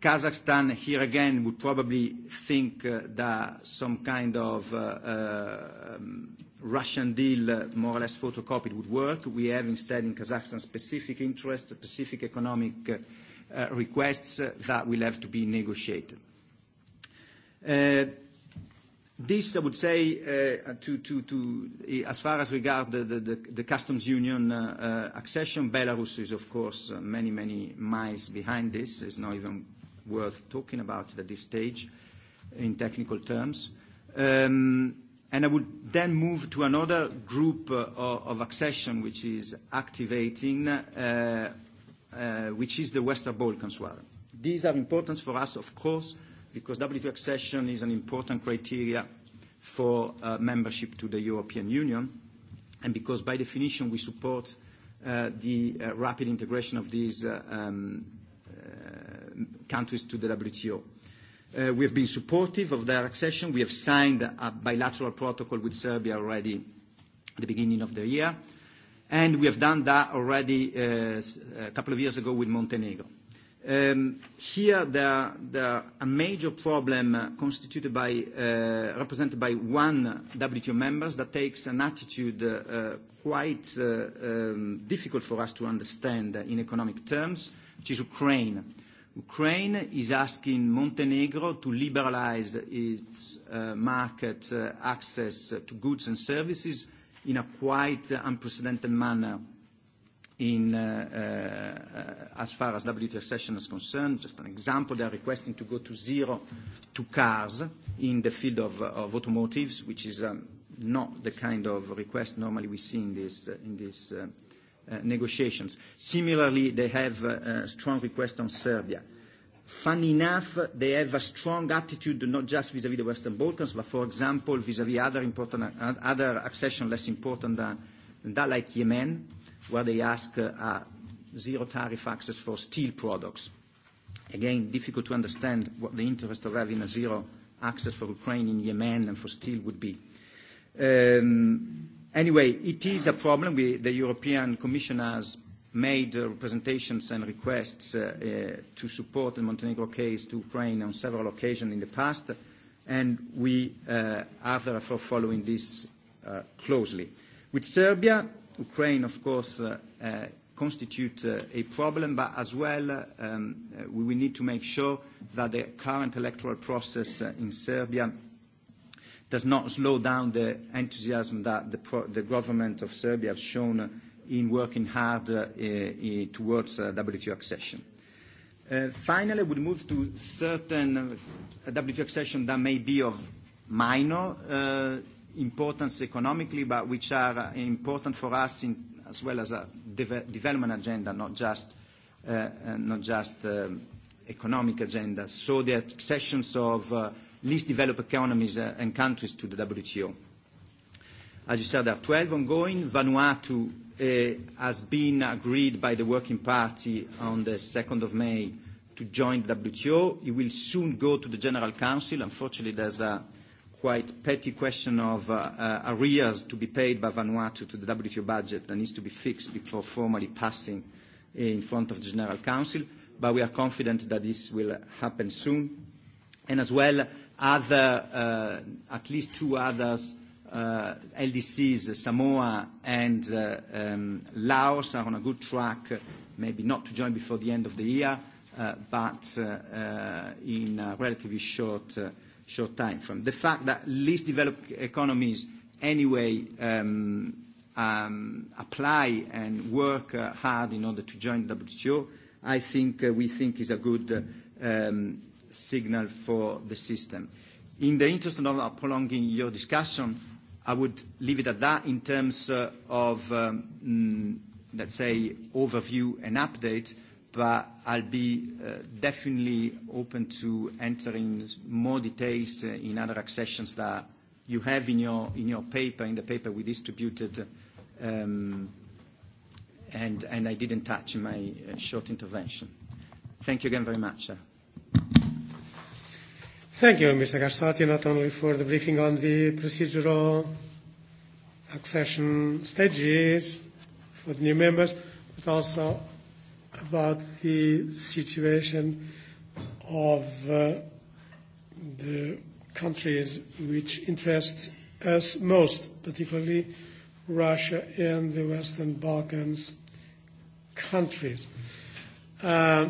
Kazakhstan, here again, would probably think that some kind of um, Russian deal, more or less photocopied, would work. We have instead in Kazakhstan specific interests, specific economic Uh, requests that will have to be negotiated. Uh, this, I would say, uh, eh, as far as regards the, customs union accession, Belarus is, of course, many, many miles behind this. It's not even worth talking about it at this stage in technical terms. Um, and I would then move to another group of accession, which is activating Uh, which is the Western Balkans one. These are important for us, of course, because WTO accession is an important criteria for uh, membership to the European Union, and because by definition we support uh, the uh, rapid integration of these uh, um, uh, countries to the WTO. Uh, we have been supportive of their accession. We have signed a bilateral protocol with Serbia already at the beginning of the year. Uh, and we have done that already uh, a couple of years ago with Montenegro. Um, here, there, a major problem uh, constituted by, uh, represented by one WTO members that takes an attitude quite um, difficult for us to understand in economic terms, which is Ukraine. Ukraine is asking Montenegro to liberalize its market access to goods and services in a quite unprecedented manner in uh, uh, as far as WTO accession is concerned. Just an example, they are requesting to go to zero to cars in the field of, uh, automotives, which is um, not the kind of request normally we see in this, in this negotiations. Similarly, they have a strong request on Serbia. Funny enough, they have a strong attitude, not just vis-à-vis the Western Balkans, but for example, vis-à-vis -vis other, important, uh, other accession less important than, than that, like Yemen, where they ask uh, uh, zero tariff access for steel products. Again, difficult to understand what the interest of having a zero access for Ukraine in Yemen and for steel would be. Um, anyway, it is a problem. We, the European Commission has made representations uh, and requests uh, uh, to support the Montenegro case to Ukraine on several occasions in the past, and we uh, are therefore following this uh, closely. With Serbia, Ukraine, of course, uh, uh, uh, a problem, but as well, uh, um, uh, we will need to make sure that the current electoral process uh, in Serbia does not slow down the enthusiasm that the, pro- the government of Serbia has shown in working hard uh, eh, eh, towards uh, WTO accession. Uh, finally, we move to certain WTO accession that may be of minor importance economically, but which are important for us in, as well as a development agenda, not just, not just um, economic agenda. So the accessions of least developed economies and countries to the WTO. As you said, there are 12 ongoing. Vanuatu Uh, has been agreed by the Working Party on the 2nd of May to join WTO. It will soon go to the General Council. Unfortunately, there's a quite petty question of uh, uh, arrears to be paid by Vanuatu to the WTO budget that needs to be fixed before formally passing in front of the General Council. But we are confident that this will happen soon. And as well, other, uh, at least two others uh, Uh, LDCs, Samoa and uh, um, Laos are on a good track, maybe not to join before the end of the year, uh, but in a relatively short, short time frame. The fact that least developed economies anyway um, um, apply and work hard in order to join WTO, I think we think is a good signal for the system. In the interest of not prolonging your discussion, i would leave it at that in terms uh, of, um, mm, let's say, overview and update, but I'll be uh, definitely open to entering more details uh, in other accessions that you have in your, in your paper, in the paper we distributed, um, and, and I didn't touch in my short intervention. Thank you again very much. Thank you, Mr. Garzotti, not only for the briefing on the procedural accession stages for the new members, but also about the situation of uh, the countries which interest us most, particularly Russia and the Western Balkans countries. Uh,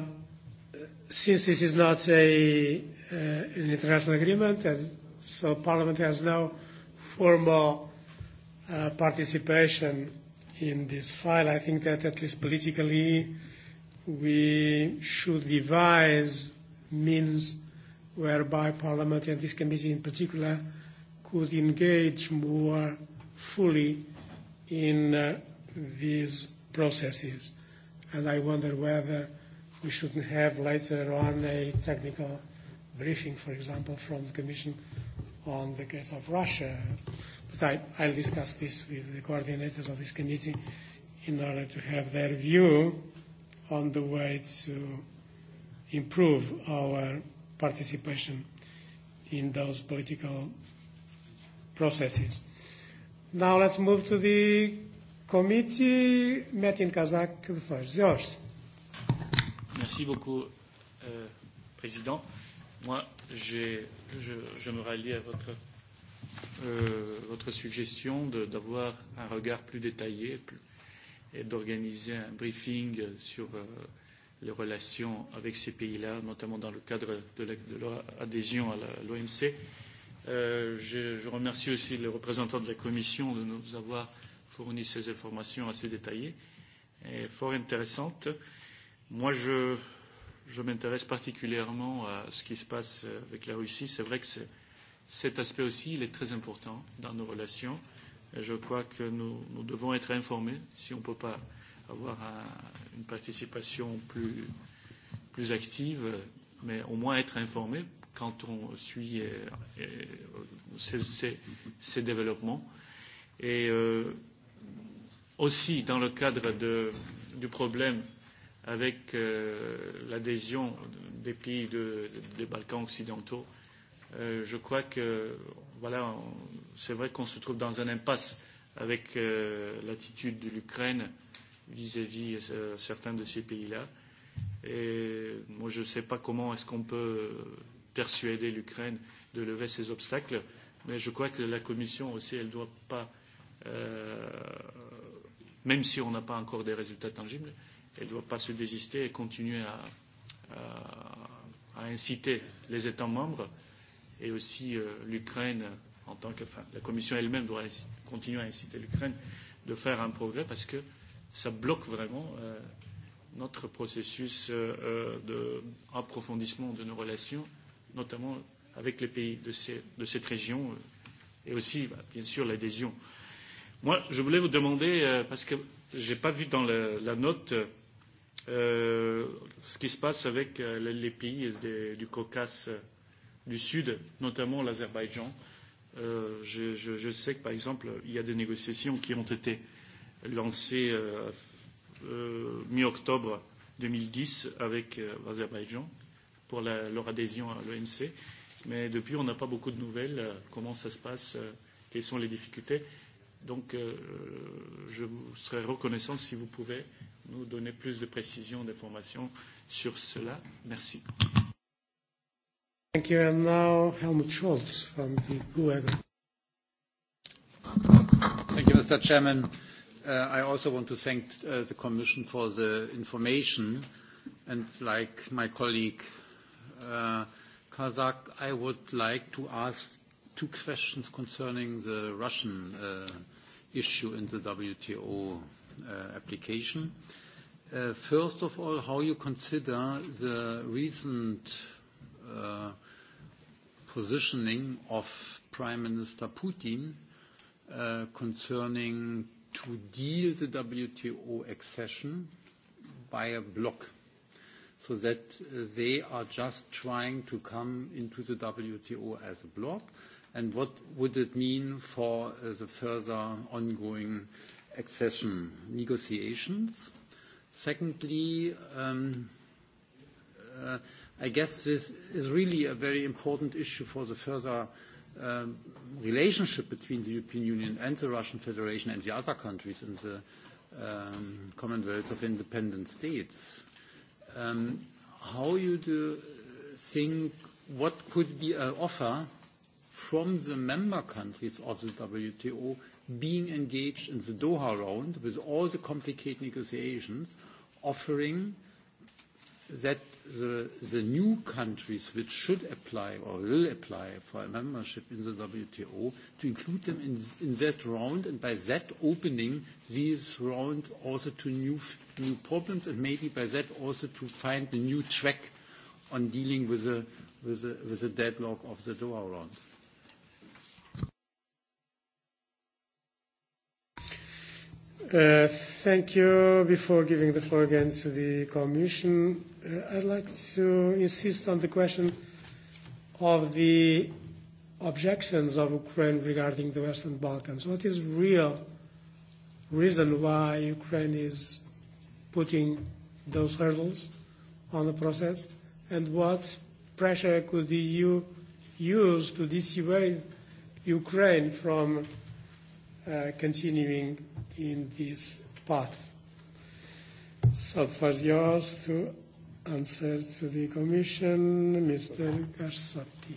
since this is not a an uh, international agreement, and so Parliament has no formal uh, participation in this file. I think that at least politically we should devise means whereby Parliament and this committee in particular could engage more fully in uh, these processes. And I wonder whether we shouldn't have later on a technical briefing, for example, from the Commission on the case of Russia. But I, I'll discuss this with the coordinators of this committee in order to have their view on the way to improve our participation in those political processes. Now let's move to the committee. Met in Kazakh, the first. Yours. Merci beaucoup, uh, President. Moi, j'ai, je, je me rallie à votre, euh, votre suggestion d'avoir un regard plus détaillé plus, et d'organiser un briefing sur euh, les relations avec ces pays-là, notamment dans le cadre de, la, de leur adhésion à l'OMC. Euh, je, je remercie aussi les représentants de la Commission de nous avoir fourni ces informations assez détaillées et fort intéressantes. Moi, je, je m'intéresse particulièrement à ce qui se passe avec la Russie. C'est vrai que cet aspect aussi, il est très important dans nos relations. Et je crois que nous, nous devons être informés si on ne peut pas avoir un, une participation plus, plus active, mais au moins être informés quand on suit et, euh, et, euh, ces, ces, ces développements. Et euh, aussi, dans le cadre de, du problème avec euh, l'adhésion des pays de, de, des Balkans occidentaux, euh, je crois que voilà, c'est vrai qu'on se trouve dans un impasse avec euh, l'attitude de l'Ukraine vis-à-vis euh, certains de ces pays-là. Et moi, je ne sais pas comment est-ce qu'on peut persuader l'Ukraine de lever ces obstacles, mais je crois que la Commission aussi, elle ne doit pas, euh, même si on n'a pas encore des résultats tangibles, euh, elle ne doit pas se désister et continuer à, à, à inciter les États membres et aussi euh, l'Ukraine en tant que enfin, la Commission elle-même doit inciter, continuer à inciter l'Ukraine de faire un progrès parce que ça bloque vraiment euh, notre processus euh, d'approfondissement euh, de, de nos relations, notamment avec les pays de, ces, de cette région euh, et aussi, bah, bien sûr, l'adhésion. Moi, je voulais vous demander, euh, parce que je n'ai pas vu dans la, la note, euh, euh, ce qui se passe avec euh, les pays des, du Caucase euh, du Sud, notamment l'Azerbaïdjan. Euh, je, je, je sais que, par exemple, il y a des négociations qui ont été lancées euh, euh, mi-octobre 2010 avec euh, l'Azerbaïdjan pour la, leur adhésion à l'OMC. Mais depuis, on n'a pas beaucoup de nouvelles. Euh, comment ça se passe euh, Quelles sont les difficultés euh, Donc, euh, je vous serai reconnaissant si vous pouvez nous donner plus de précisions, d'informations sur cela. Merci. Thank you. And now Helmut Scholz from the GUEG. E. Thank you, Mr. Chairman. Uh, I also want to thank uh, the Commission for the information. And like my colleague uh, Kazak, I would like to ask two questions concerning the Russian uh, issue in the WTO uh, application. Uh, first of all, how you consider the recent positioning of Prime Minister Putin concerning to deal the WTO accession by a block so that they are just trying to come into the WTO as a block, and what would it mean for uh, the further ongoing accession negotiations? Secondly, um, uh, I guess this is really a very important issue for the further um, relationship between the European Union and the Russian Federation and the other countries in the um, Commonwealth of Independent States. How you do think what could be an offer from the member countries of the WTO being engaged in the Doha round with all the complicated negotiations, offering that the, the new countries which should apply or will apply for a membership in the WTO to include them in, in that round, and by that opening this round also to new, new problems, and maybe by that also to find a new track on dealing with the, with the, with the deadlock of the Doha round. Uh, thank you. Before giving the floor again to the Commission, uh, I'd like to insist on the question of the objections of Ukraine regarding the Western Balkans. What is real reason why Ukraine is putting those hurdles on the process, and what pressure could the EU use to dissuade Ukraine from uh, continuing in this path. So far yours to answer to the Commission, Mr. Garsotti.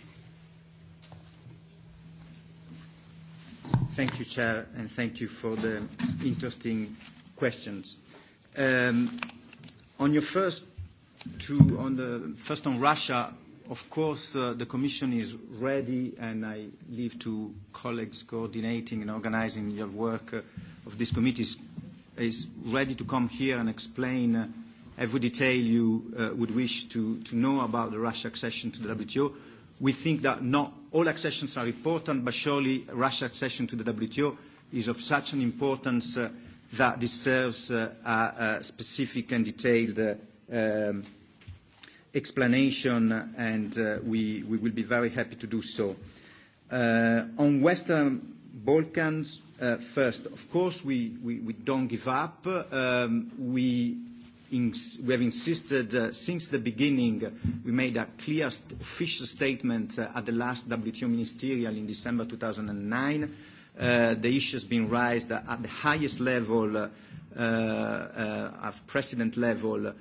Thank you, Chair, and thank you for the interesting questions. Um, on your first two, on the first on Russia, Of course, uh, the Commission is ready, and I leave to colleagues coordinating and organizing your work uh, of this committee, is ready to come here and explain uh, every detail you uh, would wish to, to know about the Russia accession to the WTO. We think that not all accessions are important, but surely Russia accession to the WTO is of such an importance uh, that deserves uh, a, a specific and detailed uh, um, explanation, and uh, we, we will be very happy to do so. Uh, on Western Balkans, uh, first, of course, we, we, don't give up. Um, we, we have insisted since the beginning. We made a clear official statement at the last WTO ministerial in December 2009. the issue has been raised at the highest level, of at president level,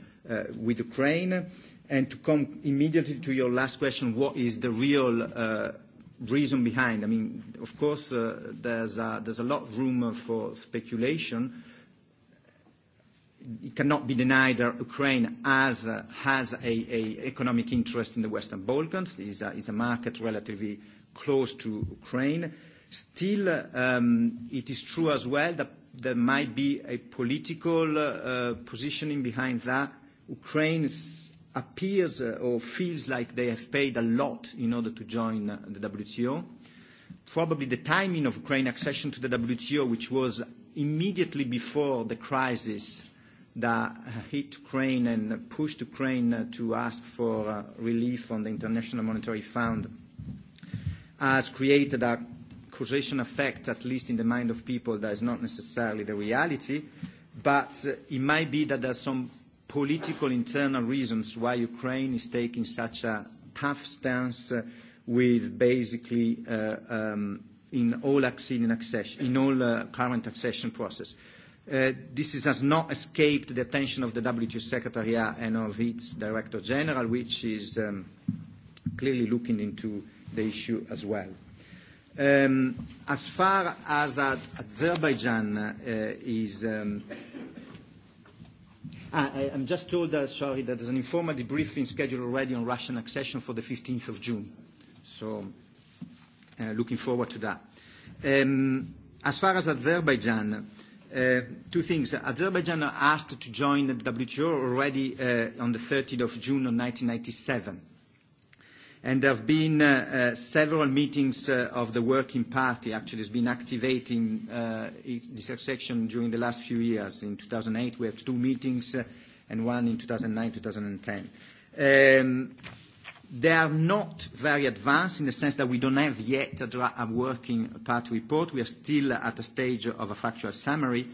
with Ukraine. And to come immediately to your last question, what is the real uh, reason behind? I mean, of course, uh, there's, a, lot of room for speculation. It cannot be denied that Ukraine has, uh, an economic interest in the Western Balkans. It is a, market relatively close to Ukraine. Still, um, it is true as well that there might be a political positioning behind that. Ukraine's appears uh, or feels like they have paid a lot in order to join uh, the WTO. Probably the timing of Ukraine accession to the WTO, which was immediately before the crisis that hit Ukraine and pushed Ukraine to ask for uh, relief on the International Monetary Fund, has created a causation effect, at least in the mind of people, that is not necessarily the reality. But it might be that there's some political internal reasons why Ukraine is taking such a tough stance uh, with basically uh, um, in all, accession, accession, in all uh, current accession process. Uh, this is, has not escaped the attention of the WTO Secretariat and of its Director General, which is um, clearly looking into the issue as well. Um, as far as uh, Azerbaijan uh, is um, i, I'm just told, uh, sorry, that there's an informal debriefing scheduled already on Russian accession for the 15th of June. So, uh, looking forward to that. Um, as far as Azerbaijan, uh, two things. Azerbaijan asked to join the WTO already uh, on the 30th of June of 1997 and there have been uh, uh, several meetings uh, of the working party. Actually, it's been activating uh, its, this section during the last few years. In 2008, we had two meetings, uh, and one in 2009, 2010. Um, they are not very advanced in the sense that we don't have yet a, a working party report. We are still at the stage of a factual summary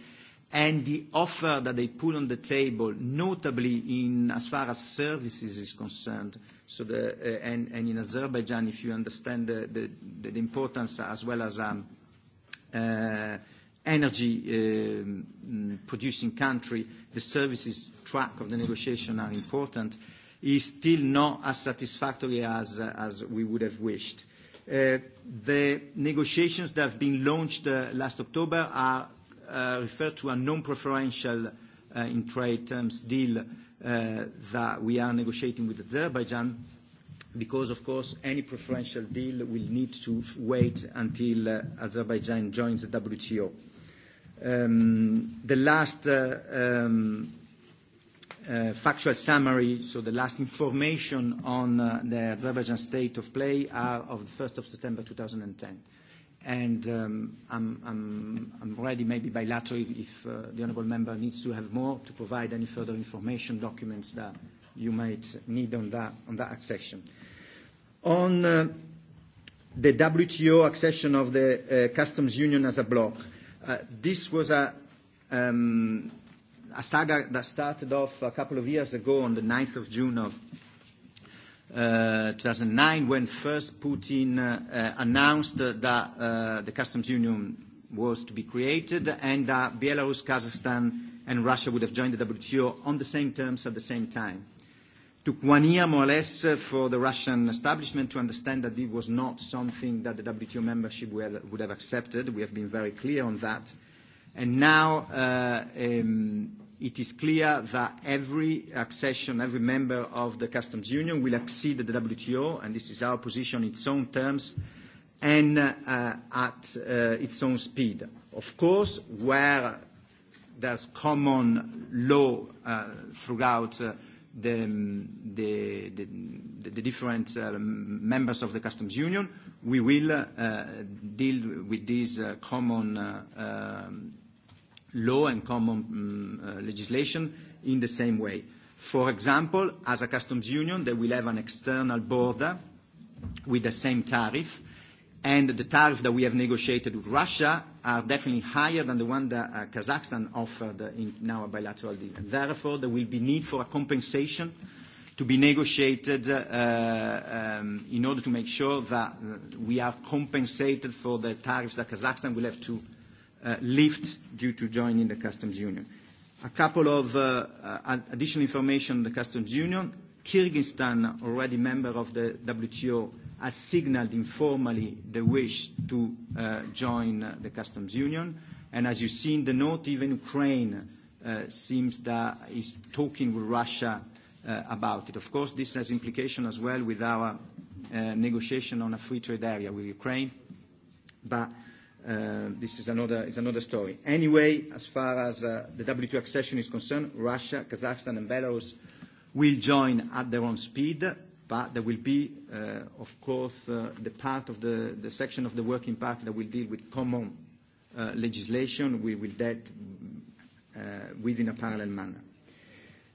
and the offer that they put on the table, notably in as far as services is concerned. So the, uh, and, in Azerbaijan, if you understand the, importance as well as um, uh, energy um, producing country, the services track of the negotiation are important, is still not as satisfactory as, uh, we would have wished. the negotiations that have been launched last October are Uh, refer to a non-preferential, uh, in trade terms, deal uh, that we are negotiating with Azerbaijan, because, of course, any preferential deal will need to wait until Azerbaijan joins the WTO. Um, the last um, factual summary, so the last information on the Azerbaijan state of play are of the 1st of September 2010. And um, I'm, I'm, I'm ready, maybe bilaterally, if uh, the honourable member needs to have more, to provide any further information, documents that you might need on that, on that accession. On uh, the WTO accession of the uh, customs union as a bloc, uh, this was a, um, a saga that started off a couple of years ago on the 9th of June of 2009, uh, when first Putin uh, announced that uh, the customs union was to be created and that Belarus, Kazakhstan, and Russia would have joined the WTO on the same terms at the same time. Took one year, more or less, for the Russian establishment to understand that it was not something that the WTO membership would have accepted. We have been very clear on that. And now, um, it is clear that every accession, every member of the customs union will accede to the WTO, and this is our position, in its own terms and uh, at uh, its own speed. Of course, where there's common law uh, throughout uh, um, the, the, the, the different uh, members of the customs union, we will uh, deal with these common um, law and common um, uh, legislation in the same way. For example, as a customs union, they will have an external border with the same tariff, and the tariff that we have negotiated with Russia are definitely higher than the one that uh, Kazakhstan offered in, in our bilateral deal. And therefore, there will be need for a compensation to be negotiated uh, um, in order to make sure that uh, we are compensated for the tariffs that Kazakhstan will have to Uh, lift due to joining the customs union. A couple of uh, uh, additional information on the customs union. Kyrgyzstan, already member of the WTO, has signaled informally the wish to join the customs union. And as you see in the note, even Ukraine seems that is talking with Russia about it. Of course, this has implication as well with our negotiation on a free trade area with Ukraine, but Uh, this is another, is another story. Anyway, as far as uh, the WTO accession is concerned, Russia, Kazakhstan, and Belarus will join at their own speed, but there will be, uh, of course, uh, the part of the, the section of the working party that will deal with common uh, legislation. We will that within a parallel manner.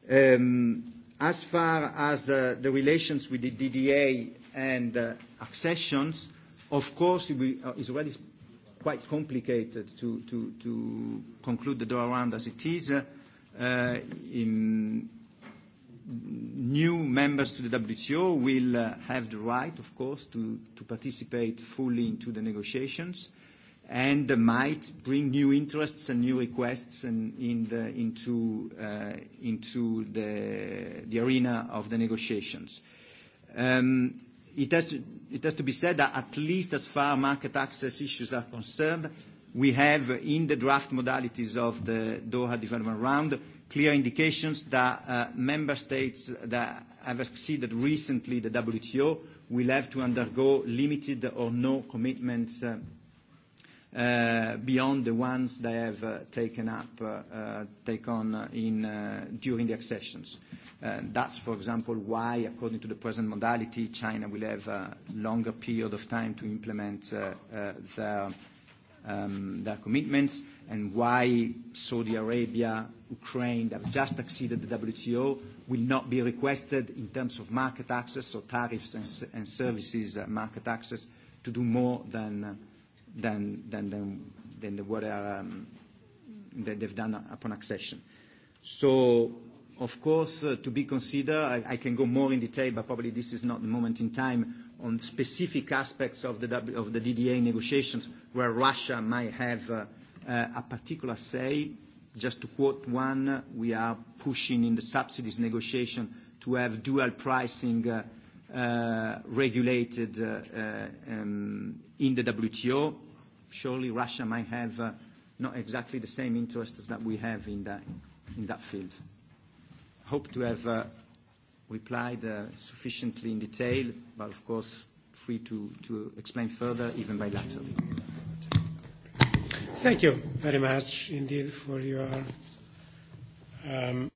Um, as far as the relations with the DDA and accessions, of course, it is already quite complicated to, to, to conclude the door round as it is. Uh, in new members to the WTO will uh, have the right, of course, to, to participate fully into the negotiations and uh, might bring new interests and new requests and in the, into, uh, into the, the arena of the negotiations. Um, It has, to, it has to be said that at least as far market access issues are concerned, we have in the draft modalities of the Doha development round clear indications that uh, member states that have exceeded recently the WTO will have to undergo limited or no commitments uh, Uh, beyond the ones they have uh, taken up, uh, take on in, during the accessions. That's, for example, why, according to the present modality, China will have a longer period of time to implement um, their, commitments, and why Saudi Arabia, Ukraine, that have just acceded the WTO, will not be requested in terms of market access or tariffs and, and services market access to do more than than, the, what um, that they've done upon accession. So, of course, uh, to be considered, I, can go more in detail, but probably this is not the moment in time on specific aspects of the, DDA negotiations where Russia might have uh, uh, a particular say. Just to quote one, we are pushing in the subsidies negotiation to have dual pricing regulated um, in the WTO surely Russia might have uh, not exactly the same interests that we have in that, in that field. Hope to have uh, replied uh, sufficiently in detail, but of course free to, to explain further, even bilaterally. Thank you very much indeed for your um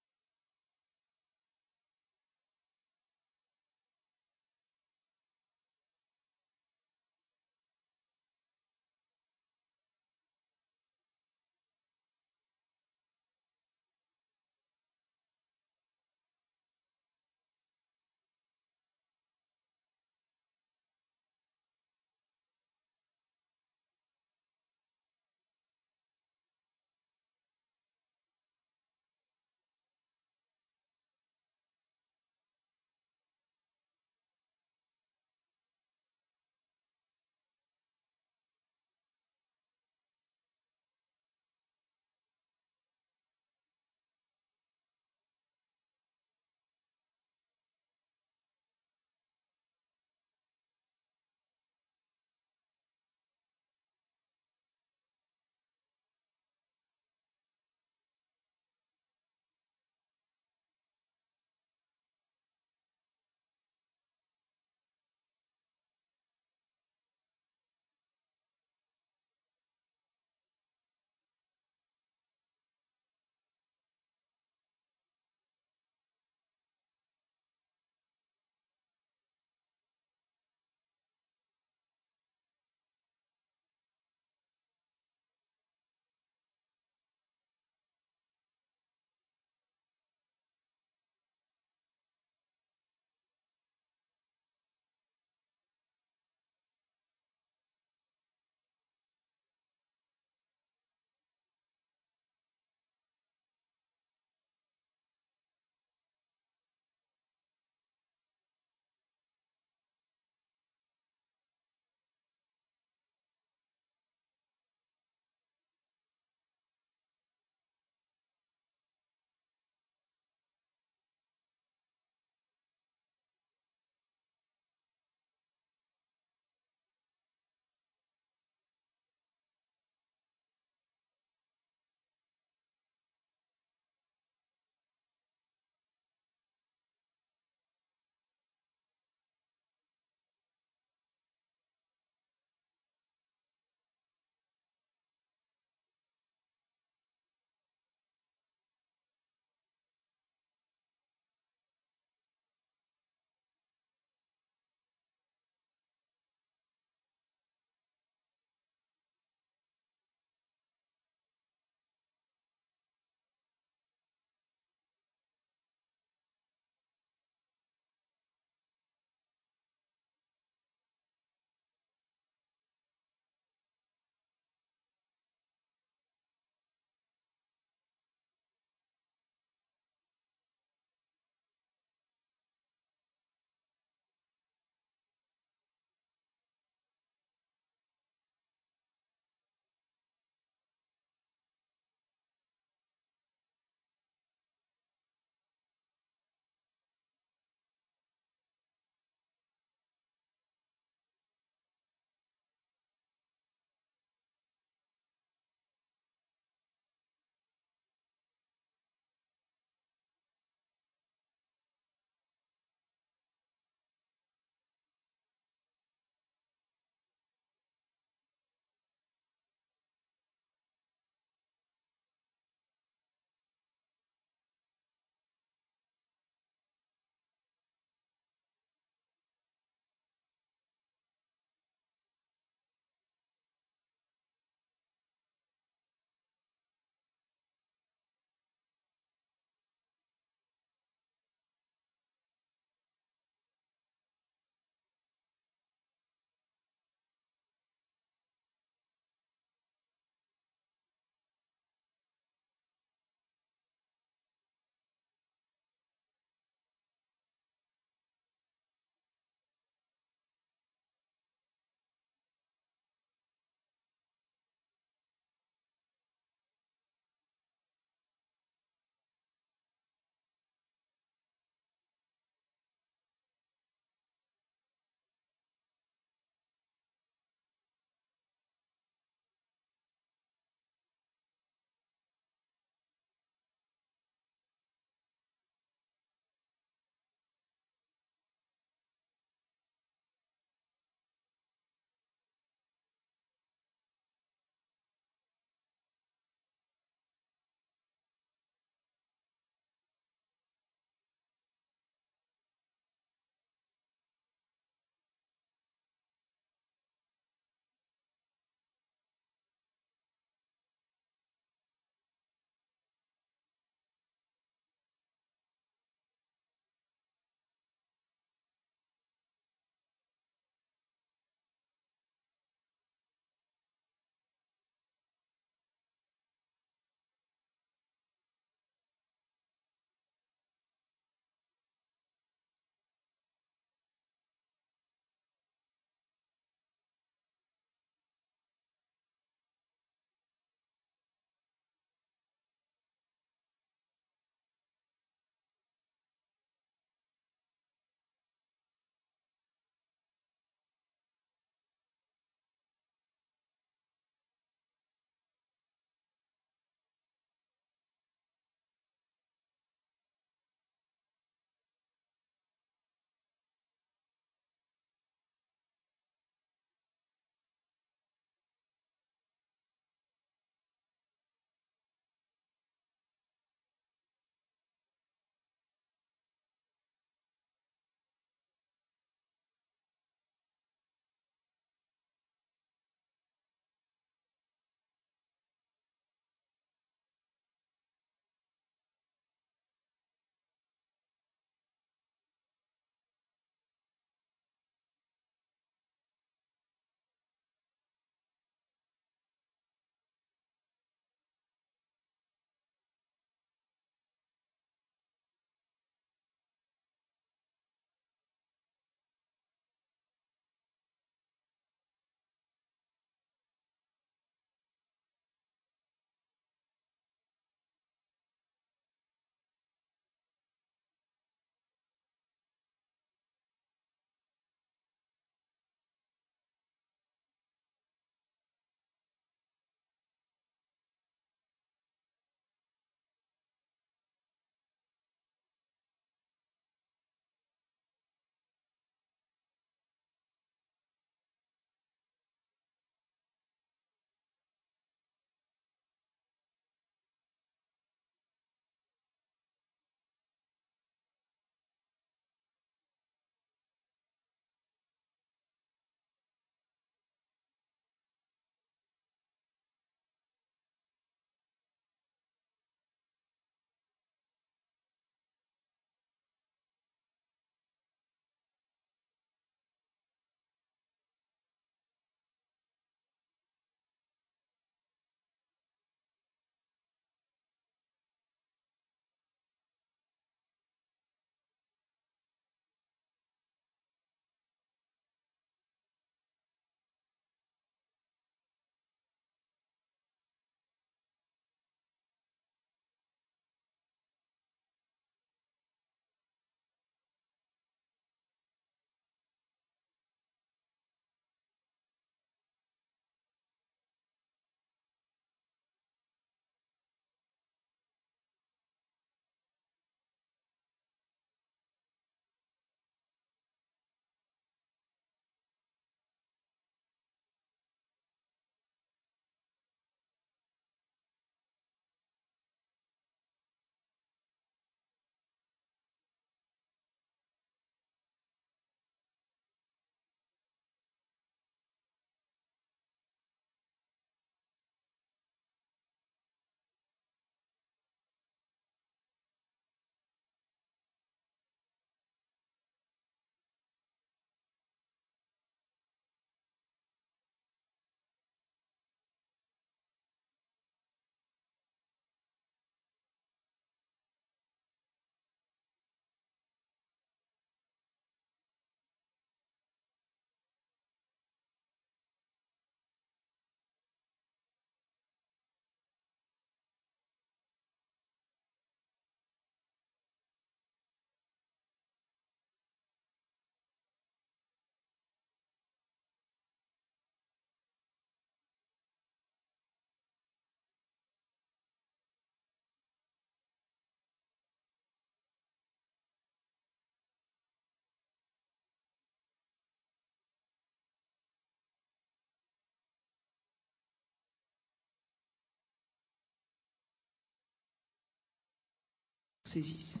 saisissent.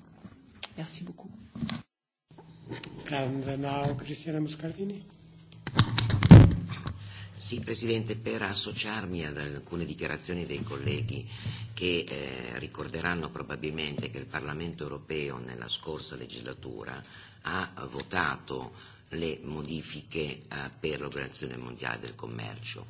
Merci beaucoup. And now Cristiana Muscardini. Sì, Presidente, per associarmi ad alcune dichiarazioni dei colleghi che eh, ricorderanno probabilmente che il Parlamento europeo nella scorsa legislatura ha votato le modifiche eh, per l'Organizzazione Mondiale del Commercio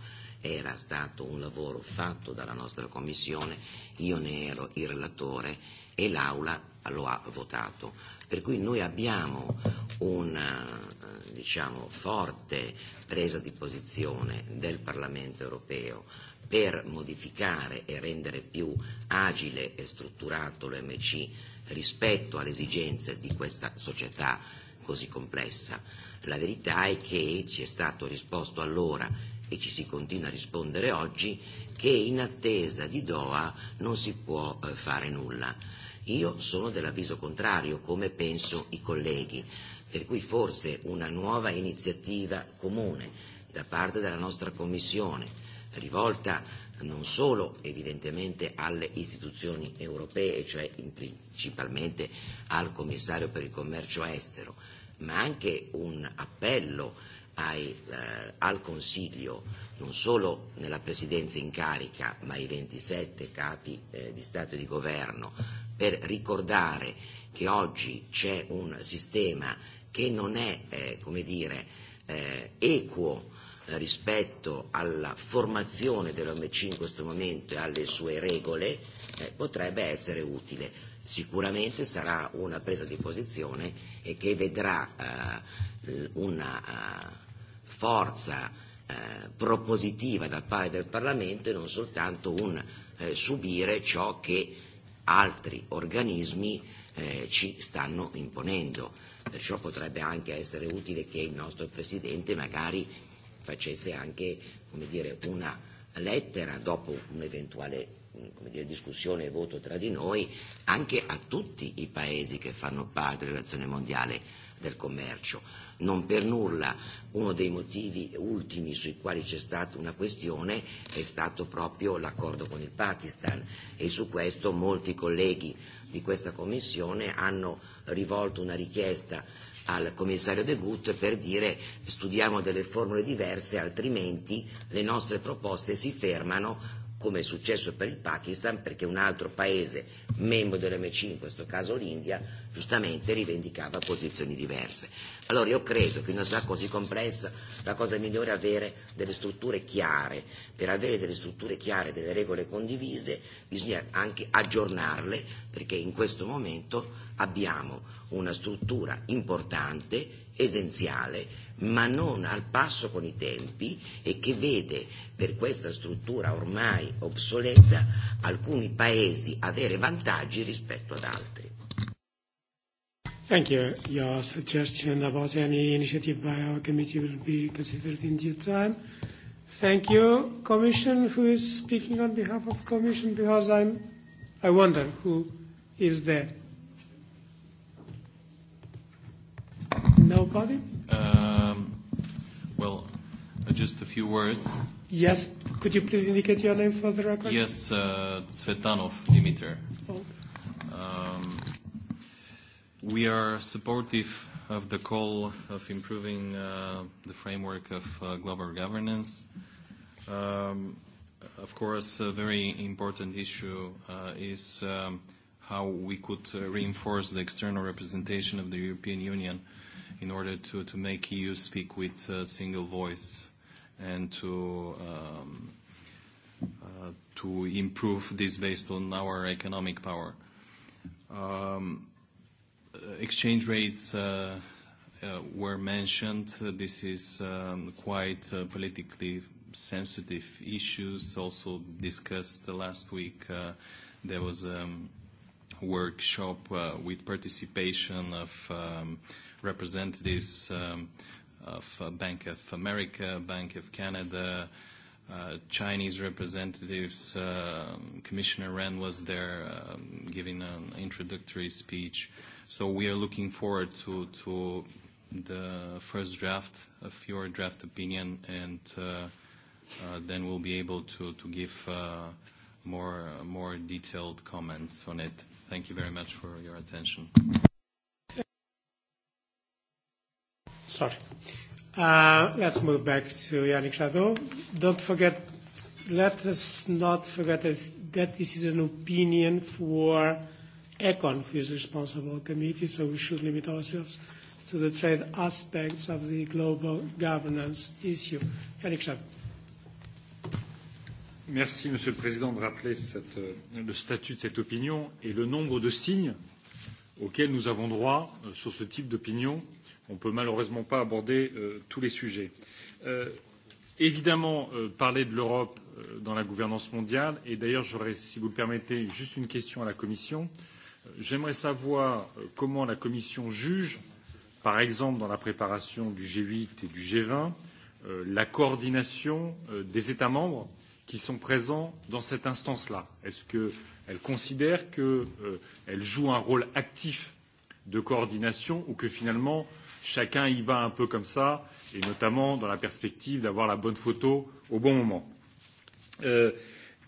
era stato un lavoro fatto dalla nostra Commissione, io ne ero il relatore e l'Aula lo ha votato. Per cui noi abbiamo una eh, diciamo, forte presa di posizione del Parlamento europeo per modificare e rendere più agile e strutturato l'OMC rispetto alle esigenze di questa società così complessa. La verità è che ci è stato risposto allora e ci si continua a rispondere oggi, che in attesa di Doha non si può eh, fare nulla. Io sono dell'avviso contrario, come penso i colleghi, per cui forse una nuova iniziativa comune da parte della nostra Commissione, rivolta non solo evidentemente alle istituzioni europee, cioè principalmente al commissario per il commercio estero, ma anche un appello ai, eh, al Consiglio, non solo nella Presidenza in carica, ma ai 27 capi eh, di Stato e di Governo, per ricordare che oggi c'è un sistema che non è, eh, come dire, eh, equo eh, rispetto alla formazione dell'OMC in questo momento e alle sue regole, eh, potrebbe essere utile sicuramente sarà una presa di posizione e che vedrà eh, una forza eh, propositiva da parte del Parlamento e non soltanto un eh, subire ciò che altri organismi eh, ci stanno imponendo. Perciò potrebbe anche essere utile che il nostro Presidente magari facesse anche come dire, una lettera dopo un'eventuale mm, come dire, discussione e voto tra di noi anche a tutti i paesi che fanno parte dell'azione mondiale del commercio. Non per nulla uno dei motivi ultimi sui quali c'è stata una questione è stato proprio l'accordo con il Pakistan e su questo molti colleghi di questa Commissione hanno rivolto una richiesta al commissario De Gutt per dire studiamo delle formule diverse altrimenti le nostre proposte si fermano come è successo per il Pakistan, perché un altro paese membro dell'MC, in questo caso l'India, giustamente rivendicava posizioni diverse. Allora io credo che in una società così complessa la cosa migliore è avere delle strutture chiare. Per avere delle strutture chiare, delle regole condivise, bisogna anche aggiornarle, perché in questo momento abbiamo una struttura importante, essenziale, ma non al passo con i tempi e che vede per questa struttura ormai obsoleta alcuni paesi avere vantaggi rispetto ad altri. Thank you. Your suggestion about any initiative by our committee will be considered in due time. Thank you, Commission. Who is speaking on behalf of the Commission? Because I'm, I wonder who is there. Nobody. Um, just a few words? Yes. Could you please indicate your name for the record? Yes, uh, Tsvetanov Dimitar. Oh. Um, we are supportive of the call of improving uh, the framework of uh, global governance. Um, of course, a very important issue uh, is um, how we could uh, reinforce the external representation of the European Union in order to, to make EU speak with a uh, single voice and to um, uh, to improve this based on our economic power. Um, exchange rates uh, uh, were mentioned. This is um, quite uh, politically sensitive issues. Also discussed last week. Uh, there was a um, workshop uh, with participation of um, representatives. Um, of uh, Bank of America, Bank of Canada, uh, Chinese representatives. Uh, Commissioner Ren was there um, giving an introductory speech. So we are looking forward to, to the first draft of your draft opinion, and uh, uh, then we'll be able to, to give uh, more, more detailed comments on it. Thank you very much for your attention. Sorry. Uh, let's move back to Yannick Jadot. Don't forget, let us not forget that this is an opinion for ECON, who is responsible committee, so we should limit ourselves to the trade aspects of the global governance issue. Yannick Jadot. Merci, Monsieur le Président, de rappeler cette, euh, le statut de cette opinion et le nombre de signes auxquels nous avons droit euh, sur ce type d'opinion on ne peut malheureusement pas aborder euh, tous les sujets. Euh, évidemment, euh, parler de l'Europe euh, dans la gouvernance mondiale, et d'ailleurs j'aurais, si vous le permettez, juste une question à la Commission. Euh, j'aimerais savoir euh, comment la Commission juge, par exemple dans la préparation du G8 et du G20, euh, la coordination euh, des États membres qui sont présents dans cette instance-là. Est-ce qu'elle considère qu'elle euh, joue un rôle actif de coordination ou que finalement chacun y va un peu comme ça et notamment dans la perspective d'avoir la bonne photo au bon moment. Euh,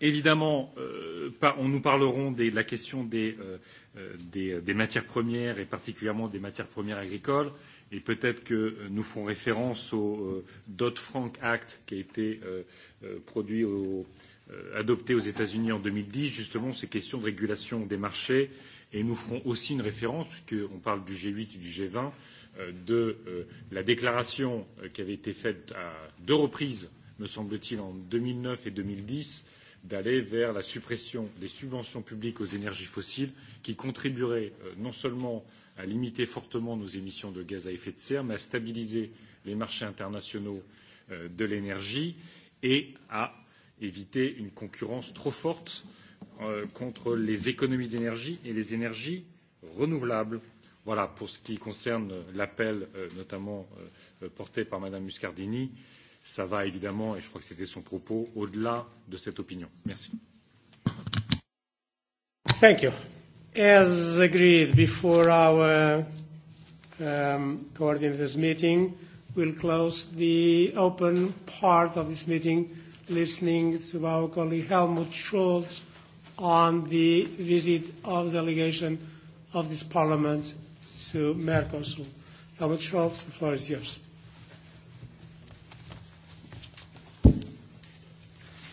évidemment, euh, par, on nous parlerons de la question des, euh, euh, des, des matières premières et particulièrement des matières premières agricoles et peut-être que euh, nous ferons référence au euh, Dodd-Frank Act qui a été euh, euh produit au, euh, adopté aux États-Unis en 2010 justement ces questions de régulation des marchés Et nous ferons aussi une référence, puisqu'on parle du G8 et du G20, euh, de euh, la déclaration euh, qui avait été faite à deux reprises, me semble-t-il, en 2009 et 2010, d'aller vers la suppression des subventions publiques aux énergies fossiles qui contribueraient euh, non seulement à limiter fortement nos émissions de gaz à effet de serre, mais à stabiliser les marchés internationaux euh, de l'énergie et à éviter une concurrence trop forte euh, Euh, contre les économies d'énergie et les énergies renouvelables. Voilà pour ce qui concerne l'appel euh, notamment euh, porté par Madame Muscardini. Ça va évidemment, et je crois que c'était son propos, au-delà de cette opinion. Merci. Thank you. As agreed before our um, coordinators meeting, we'll close the open part of this meeting listening to our colleague Helmut Schultz on the visit of delegation of this parliament to Mercosur. Helmut Scholz, the floor is yours.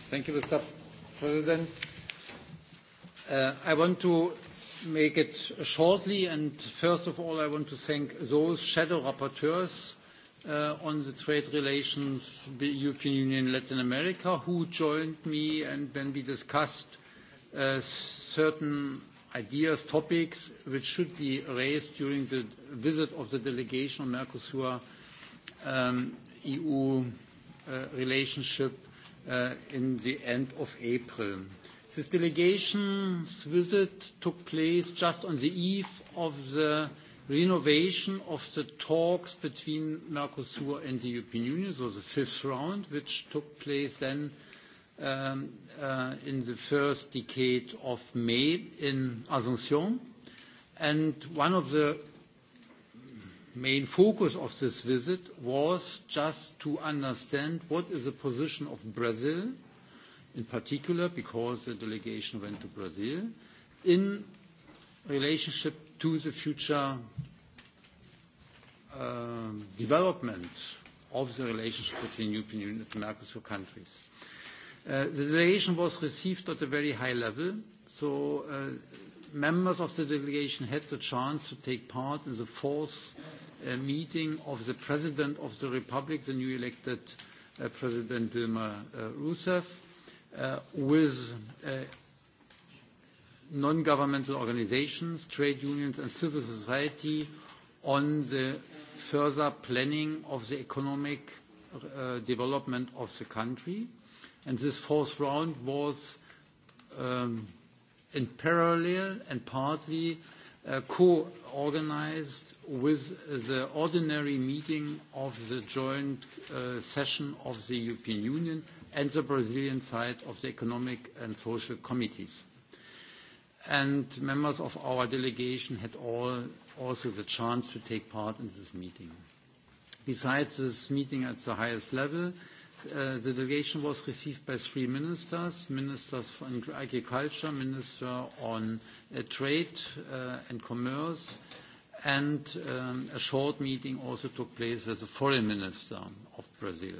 Thank you, Mr. President. Uh, I want to make it shortly, and first of all, I want to thank those shadow rapporteurs uh, on the trade relations, the European Union, Latin America, who joined me, and when we discussed Uh, certain ideas, topics which should be raised during the visit of the delegation on Mercosur um, EU uh, relationship uh, in the end of April. This delegation's visit took place just on the eve of the renovation of the talks between Mercosur and the European Union, so the fifth round, which took place then Um, uh, in the first decade of May in Asunción. And one of the main focus of this visit was just to understand what is the position of Brazil, in particular because the delegation went to Brazil, in relationship to the future um, development of the relationship between European Union and Mercosur countries. Uh, the delegation was received at a very high level, so uh, members of the delegation had the chance to take part in the fourth uh, meeting of the President of the Republic, the new elected uh, President Dilma uh, Rousseff, uh, with uh, non-governmental organizations, trade unions, and civil society on the further planning of the economic uh, development of the country and this fourth round was um, in parallel and partly uh, co-organized with the ordinary meeting of the joint uh, session of the European Union and the Brazilian side of the Economic and Social Committees. And members of our delegation had all also the chance to take part in this meeting. Besides this meeting at the highest level, Uh, the delegation was received by three ministers, ministers on agriculture, minister on uh, trade uh, and commerce, and um, a short meeting also took place with the foreign minister of Brazil.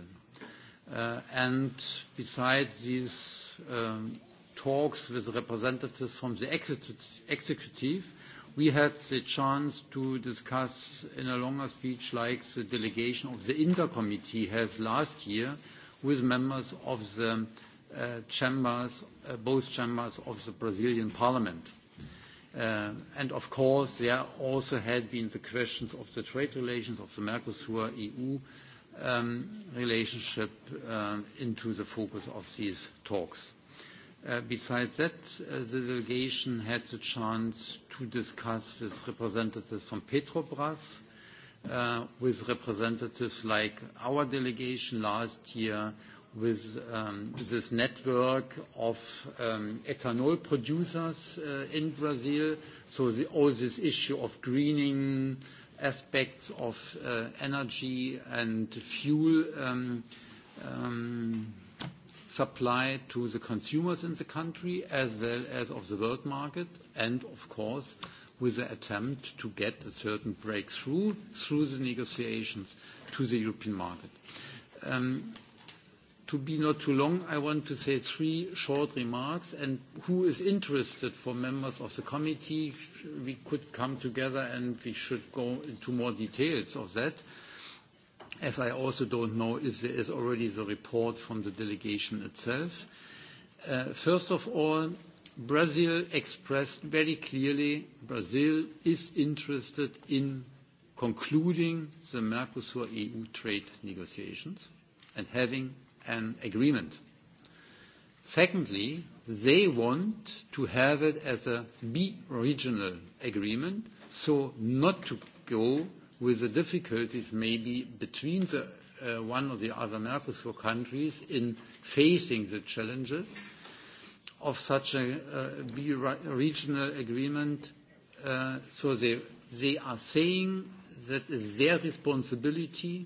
Uh, and besides these um, talks with representatives from the executive, we had the chance to discuss in a longer speech like the delegation of the Inter Committee has last year with members of the uh, chambers, uh, both chambers of the Brazilian parliament. Uh, and of course, there also had been the questions of the trade relations of the Mercosur-EU um, relationship into the focus of these talks. Uh, besides that, uh, the delegation had the chance to discuss with representatives from Petrobras, uh, with representatives like our delegation last year, with um, this network of um, ethanol producers in Brazil. So the, all this issue of greening aspects of energy and fuel um, supply to the consumers in the country as well as of the world market, and of course, with the attempt to get a certain breakthrough through the negotiations to the European market. Um, to be not too long, I want to say three short remarks, and who is interested for members of the committee, we could come together, and we should go into more details of that as I also don't know if there is already the report from the delegation itself. Uh, first of all, Brazil expressed very clearly Brazil is interested in concluding the Mercosur-EU trade negotiations and having an agreement. Secondly, they want to have it as a bi-regional agreement, so not to go with the difficulties maybe between the uh, one or the other Mercosur countries in facing the challenges of such a uh, regional agreement. Uh, so they, they are saying that is their responsibility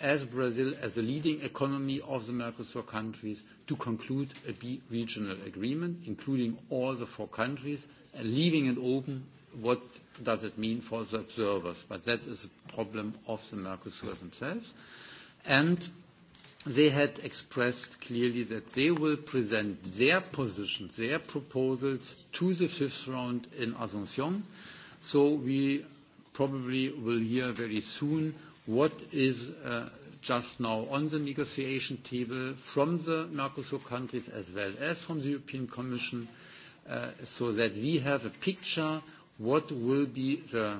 as Brazil, as a leading economy of the Mercosur countries, to conclude a regional agreement, including all the four countries, and uh, leaving it open what does it mean for the observers? But that is a problem of the Mercosur themselves. And they had expressed clearly that they will present their positions, their proposals to the fifth round in Asunción. So we probably will hear very soon what is uh, just now on the negotiation table from the Mercosur countries as well as from the European Commission, uh, so that we have a picture what will be the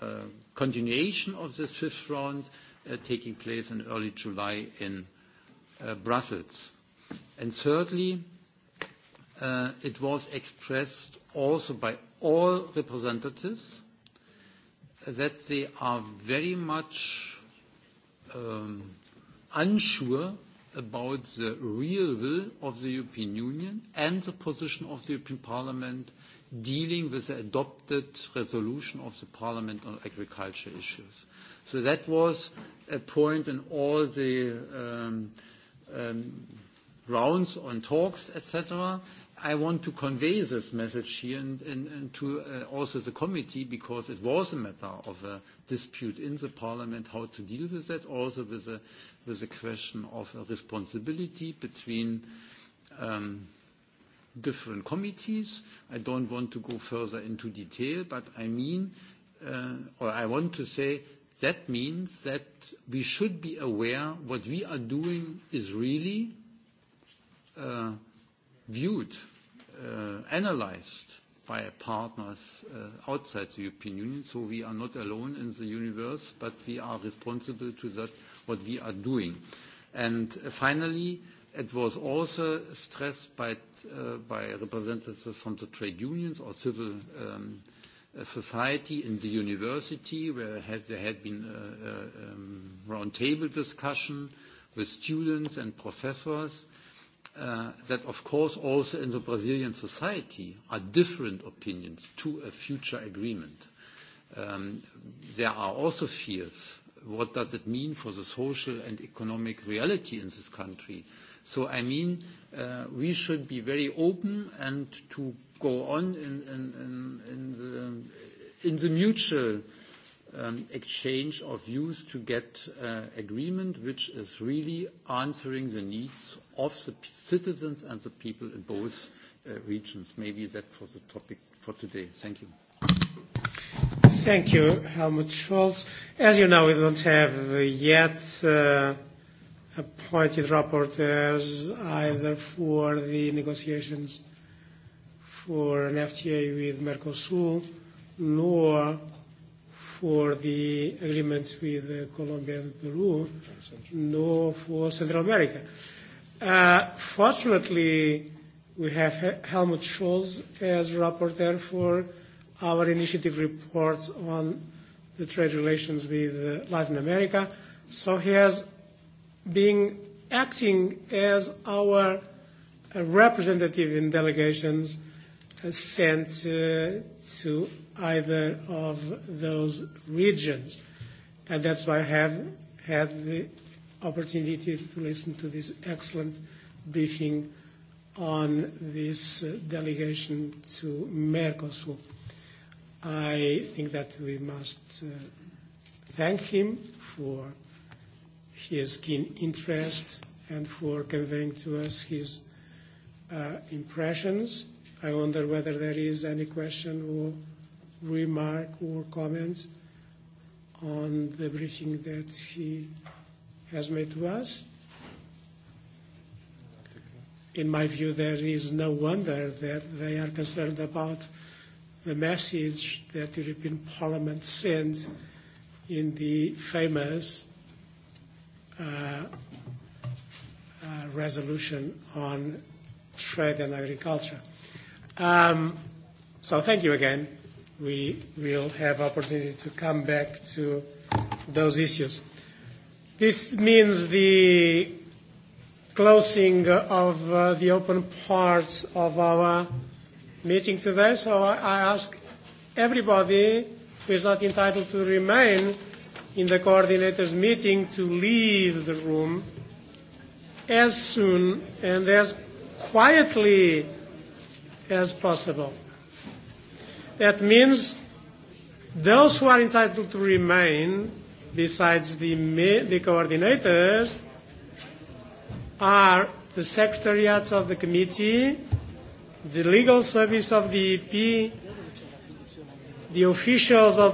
uh, continuation of this fifth round uh, taking place in early July in uh, Brussels. And thirdly, uh, it was expressed also by all representatives that they are very much um, unsure about the real will of the European Union and the position of the European Parliament dealing with the adopted resolution of the Parliament on agriculture issues. So that was a point in all the um, um, rounds on talks, etc. I want to convey this message here and, and, and to uh, also the committee because it was a matter of a dispute in the parliament how to deal with that, also with a, with question of a responsibility between um, different committees. I don't want to go further into detail, but I mean, uh, or I want to say that means that we should be aware what we are doing is really uh, viewed, uh, analyzed by partners uh, outside the European Union. So we are not alone in the universe, but we are responsible to that, what we are doing. And finally, It was also stressed uh, by, representatives from the trade unions or civil um, uh, society in the university, where there had been a, um, round table roundtable discussion with students and professors. Uh, that, of course, also in the Brazilian society are different opinions to a future agreement. Um, there are also fears. What does it mean for the social and economic reality in this country? So I mean, uh, we should be very open and to go on in, in, in, the, in the mutual um, exchange of views to get uh, agreement which is really answering the needs of the citizens and the people in both uh, regions. Maybe that for the topic for today. Thank you. Thank you, Helmut Scholz. As you know, we don't have uh, yet uh, appointed rapporteurs either for the negotiations for an FTA with Mercosur nor for the agreements with Colombia and Peru, nor for Central America. Uh, fortunately, we have Helmut Scholz as rapporteur for our initiative reports on the trade relations with uh, Latin America, so he has being acting as our uh, representative in delegations uh, sent uh, to either of those regions. And that's why I have had the opportunity to listen to this excellent briefing on this uh, delegation to Mercosur. I think that we must uh, thank him for his keen interest and for conveying to us his uh, impressions. I wonder whether there is any question or remark or comments on the briefing that he has made to us. In my view, there is no wonder that they are concerned about the message that the European Parliament sends in the famous Uh, uh, resolution on trade and agriculture. Um, so thank you again. We will have opportunity to come back to those issues. This means the closing of uh, the open parts of our meeting today. So I, I ask everybody who is not entitled to remain in the coordinators meeting to leave the room as soon and as quietly as possible. That means those who are entitled to remain, besides the, the coordinators, are the secretariat of the committee, the legal service of the EP, the officials of